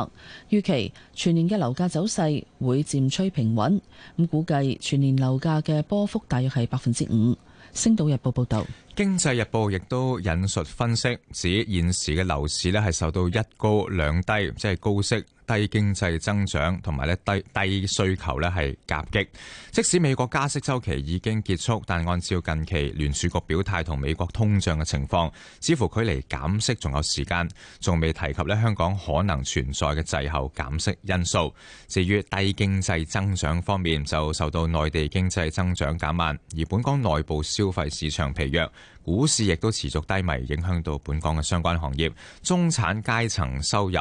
預期全年嘅樓價走勢會漸趨平穩。咁估計全年樓價嘅波幅大約係百分之五。星島日報報道。經濟日報亦都引述分析，指現時嘅樓市咧係受到一高兩低，即係高息、低經濟增長同埋低低需求咧係夾擊。即使美國加息週期已經結束，但按照近期聯儲局表態同美國通脹嘅情況，似乎距離減息仲有時間，仲未提及香港可能存在嘅滯後減息因素。至於低經濟增長方面，就受到內地經濟增長減慢，而本港內部消費市場疲弱。股市亦都持續低迷，影響到本港嘅相關行業。中產階層收入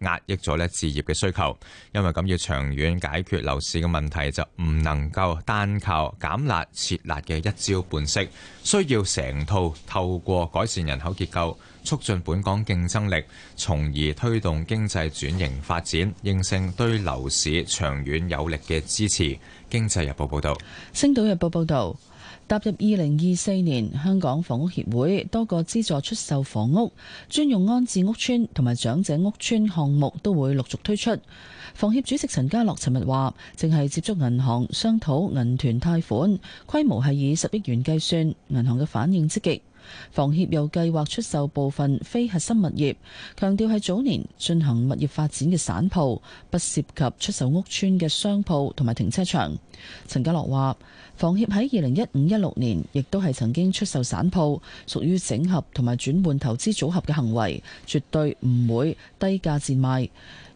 壓抑咗呢置業嘅需求，因為咁要長遠解決樓市嘅問題，就唔能夠單靠減辣撤辣嘅一招半式，需要成套透過改善人口結構，促進本港競爭力，從而推動經濟轉型發展，應勝對樓市長遠有力嘅支持。經濟日報報道。星島日報報道。踏入二零二四年，香港房屋協會多個資助出售房屋、專用安置屋邨同埋長者屋邨項目都會陸續推出。房協主席陳家樂尋日話：淨係接觸銀行商討銀團貸款，規模係以十億元計算。銀行嘅反應積極。房協又計劃出售部分非核心物業，強調係早年進行物業發展嘅散鋪，不涉及出售屋邨嘅商鋪同埋停車場。陳家樂話。房協喺二零一五、一六年，亦都係曾經出售散鋪，屬於整合同埋轉換投資組合嘅行為，絕對唔會低價賤賣。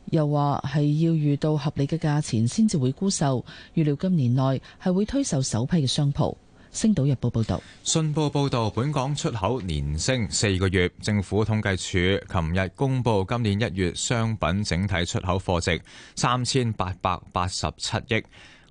又話係要遇到合理嘅價錢先至會沽售。預料今年內係會推售首批嘅商鋪。星島日報報道。信報報道，本港出口年升四個月。政府統計處琴日公布今年一月商品整體出口貨值三千八百八十七億。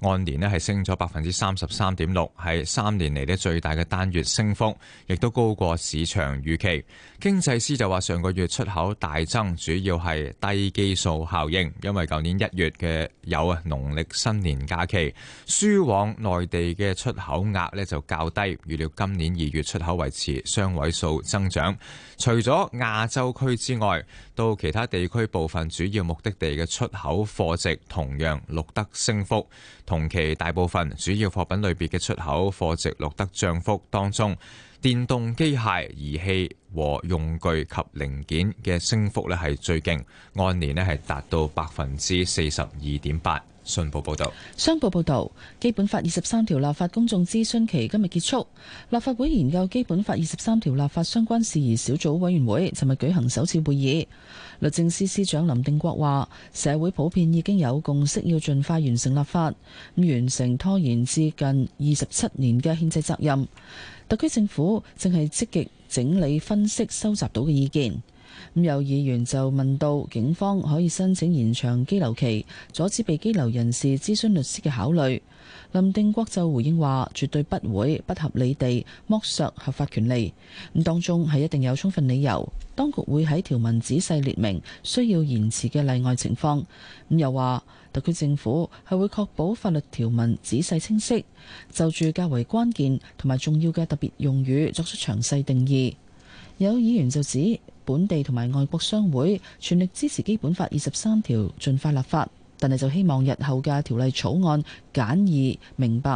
按年呢，係升咗百分之三十三點六，係三年嚟的最大嘅單月升幅，亦都高過市場預期。經濟師就話上個月出口大增，主要係低基數效應，因為舊年一月嘅有啊農歷新年假期，輸往內地嘅出口額呢就較低。預料今年二月出口維持雙位數增長，除咗亞洲區之外。到其他地區部分主要目的地嘅出口貨值同樣錄得升幅，同期大部分主要貨品類別嘅出口貨值錄得漲幅，當中電動機械、儀器和用具及零件嘅升幅呢係最勁，按年呢係達到百分之四十二點八。信報報道商報報道，報基本法二十三條立法公眾諮詢期今日結束，立法會研究基本法二十三條立法相關事宜小組委員會尋日舉行首次會議。律政司司長林定國話：社會普遍已經有共識，要盡快完成立法，咁完成拖延至近二十七年嘅憲制責任。特區政府正係積極整理、分析、收集到嘅意見。咁有議員就問到，警方可以申請延長羈留期，阻止被羈留人士諮詢律師嘅考慮。林定國就回應話，絕對不會不合理地剝削合法權利。咁當中係一定有充分理由，當局會喺條文仔細列明需要延遲嘅例外情況。咁又話，特區政府係會確保法律條文仔細清晰，就住較為關鍵同埋重要嘅特別用語作出詳細定義。有議員就指，本地同埋外國商會全力支持基本法二十三條盡快立法，但係就希望日後嘅條例草案簡易明白，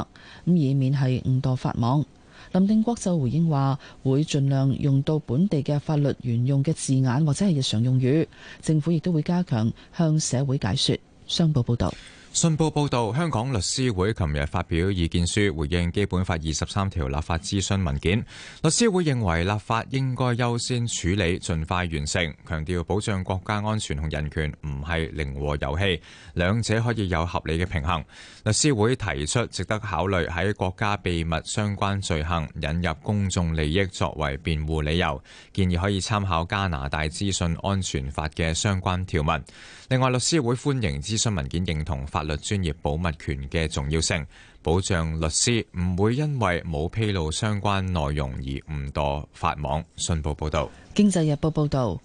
咁以免係誤墮法網。林定國就回應話，會盡量用到本地嘅法律沿用嘅字眼或者係日常用語，政府亦都會加強向社會解說。商報報道。信報報導，香港律師會琴日發表意見書，回應《基本法》二十三條立法諮詢文件。律師會認為立法應該優先處理，盡快完成，強調保障國家安全同人權唔係零和遊戲，兩者可以有合理嘅平衡。律師會提出值得考慮喺國家秘密相關罪行引入公眾利益作為辯護理由，建議可以參考加拿大資訊安全法嘅相關條文。另外，律師會歡迎諮詢文件認同法律。律專業保密權嘅重要性，保障律師唔會因為冇披露相關內容而誤墮法網。信報報道，《經濟日報》報道，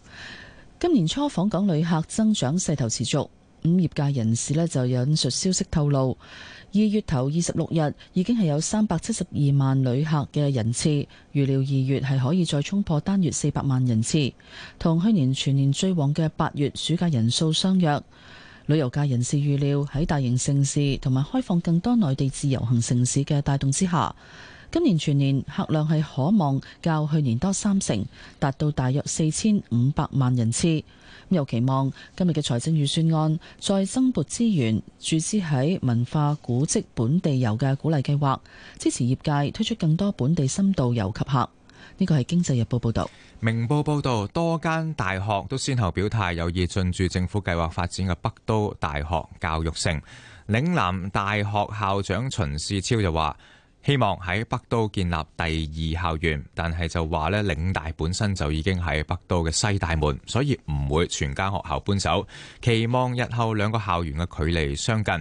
今年初訪港旅客增長勢頭持續。咁業界人士呢就引述消息透露，二月頭二十六日已經係有三百七十二萬旅客嘅人次，預料二月係可以再衝破單月四百萬人次，同去年全年最旺嘅八月暑假人數相約。旅遊界人士預料喺大型城市同埋開放更多內地自由行城市嘅帶動之下，今年全年客量係可望較去年多三成，達到大約四千五百萬人次。咁又期望今日嘅財政預算案再增撥資源，注資喺文化古蹟本地遊嘅鼓勵計劃，支持業界推出更多本地深度遊及客。呢個係《經濟日報》報道。明報報道，多間大學都先後表態有意進駐政府計劃發展嘅北都大學教育城。嶺南大學校長秦士超就話：希望喺北都建立第二校園，但係就話咧，嶺大本身就已經喺北都嘅西大門，所以唔會全間學校搬走。期望日後兩個校園嘅距離相近。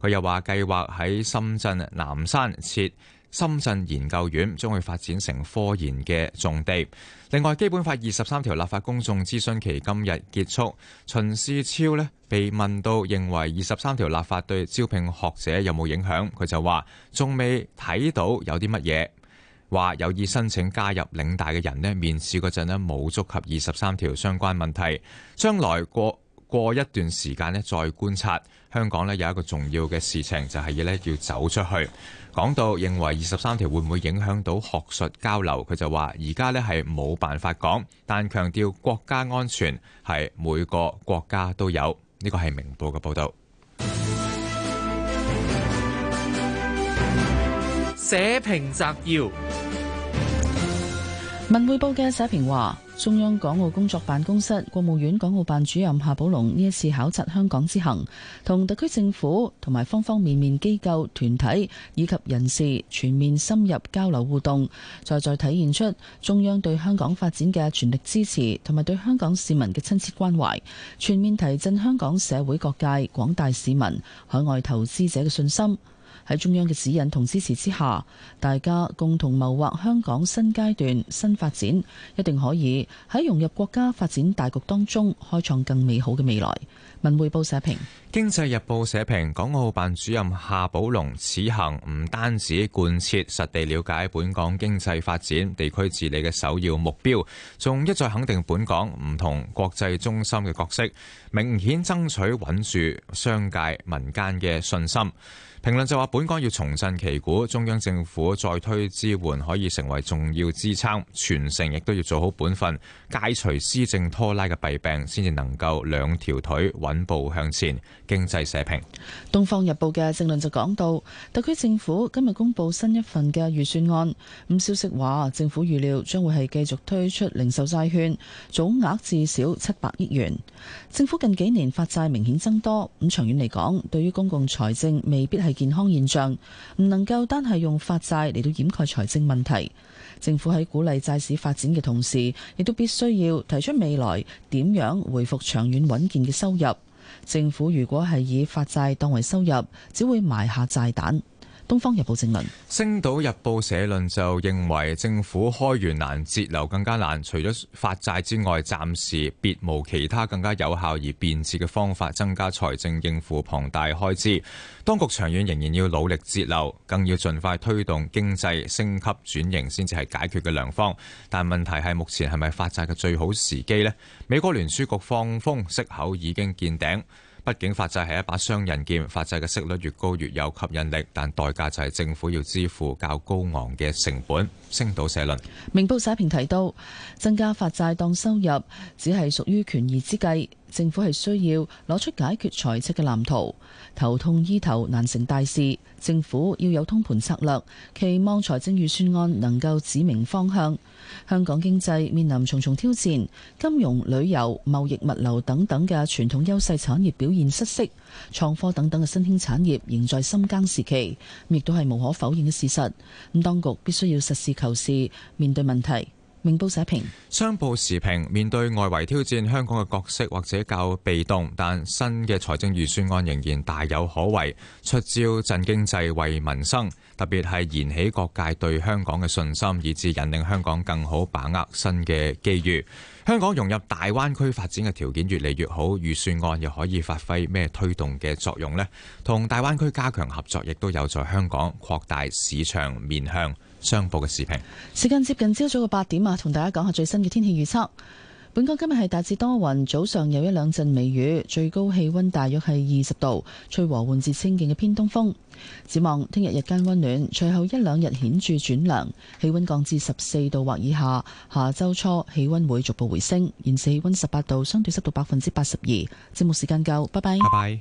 佢又話計劃喺深圳南山設深圳研究院將會發展成科研嘅重地。另外，基本法二十三條立法公眾諮詢期今日結束。秦思超被問到認為二十三條立法對招聘學者有冇影響，佢就話仲未睇到有啲乜嘢。話有意申請加入領大嘅人面試嗰陣咧，冇觸及二十三條相關問題。將來過過一段時間再觀察。香港有一個重要嘅事情就係要要走出去。講到認為二十三條會唔會影響到學術交流，佢就話：而家呢，係冇辦法講，但強調國家安全係每個國家都有。呢、呢個係明報嘅報導。社評摘要。文匯報嘅社評話，中央港澳工作辦公室、國務院港澳辦主任夏寶龍呢一次考察香港之行，同特區政府同埋方方面面機構、團體以及人士全面深入交流互動，再再體現出中央對香港發展嘅全力支持同埋對香港市民嘅親切關懷，全面提振香港社會各界廣大市民、海外投資者嘅信心。喺中央嘅指引同支持之下，大家共同謀劃香港新階段新發展，一定可以喺融入國家發展大局當中，開創更美好嘅未來。文匯報社評，經濟日報社評，港澳辦主任夏寶龍此行唔單止貫徹實地了解本港經濟發展、地區治理嘅首要目標，仲一再肯定本港唔同國際中心嘅角色，明顯爭取穩住商界民間嘅信心。評論就話，本港要重振旗鼓，中央政府再推支援可以成為重要支撐，全城亦都要做好本分，解除施政拖拉嘅弊病，先至能夠兩條腿，穩步向前，經濟社評。《東方日報》嘅政論就講到，特區政府今日公布新一份嘅預算案。咁消息話，政府預料將會係繼續推出零售債券，總額至少七百億元。政府近幾年發債明顯增多，咁長遠嚟講，對於公共財政未必係健康現象，唔能夠單係用發債嚟到掩蓋財政問題。政府喺鼓勵債市發展嘅同時，亦都必須要提出未來點樣回復長遠穩健嘅收入。政府如果係以發債當為收入，只會埋下債彈。《東方日報》正論，《星島日報》社論就認為政府開源難，節流更加難。除咗發債之外，暫時別無其他更加有效而便捷嘅方法，增加財政應付龐大開支。當局長遠仍然要努力節流，更要盡快推動經濟升級轉型，先至係解決嘅良方。但問題係目前係咪發債嘅最好時機呢？美國聯儲局放風息口已經見頂。畢竟發債係一把雙刃劍，發債嘅息率越高越有吸引力，但代價就係政府要支付較高昂嘅成本。星島社論，明報社評提到，增加發債當收入只係屬於權宜之計，政府係需要攞出解決財赤嘅藍圖。頭痛醫頭難成大事，政府要有通盤策略，期望財政預算案能夠指明方向。香港經濟面臨重重挑戰，金融、旅遊、貿易、物流等等嘅傳統優勢產業表現失色，創科等等嘅新興產業仍在深耕時期，亦都係無可否認嘅事實。咁當局必須要實事求是，面對問題。明報社評，商報時評，面對外圍挑戰，香港嘅角色或者較被動，但新嘅財政預算案仍然大有可為，出招振經濟、惠民生，特別係燃起各界對香港嘅信心，以至引領香港更好把握新嘅機遇。香港融入大灣區發展嘅條件越嚟越好，預算案又可以發揮咩推動嘅作用呢？同大灣區加強合作，亦都有助香港擴大市場面向。商報嘅視頻，時間接近朝早嘅八點啊，同大家講下最新嘅天氣預測。本港今日係大致多雲，早上有一兩陣微雨，最高氣溫大約係二十度，吹和緩至清勁嘅偏東風。展望聽日日間溫暖，隨後一兩日顯著轉涼，氣溫降至十四度或以下。下周初氣溫會逐步回升，現時氣溫十八度，相對濕度百分之八十二。節目時間夠，拜拜。拜拜。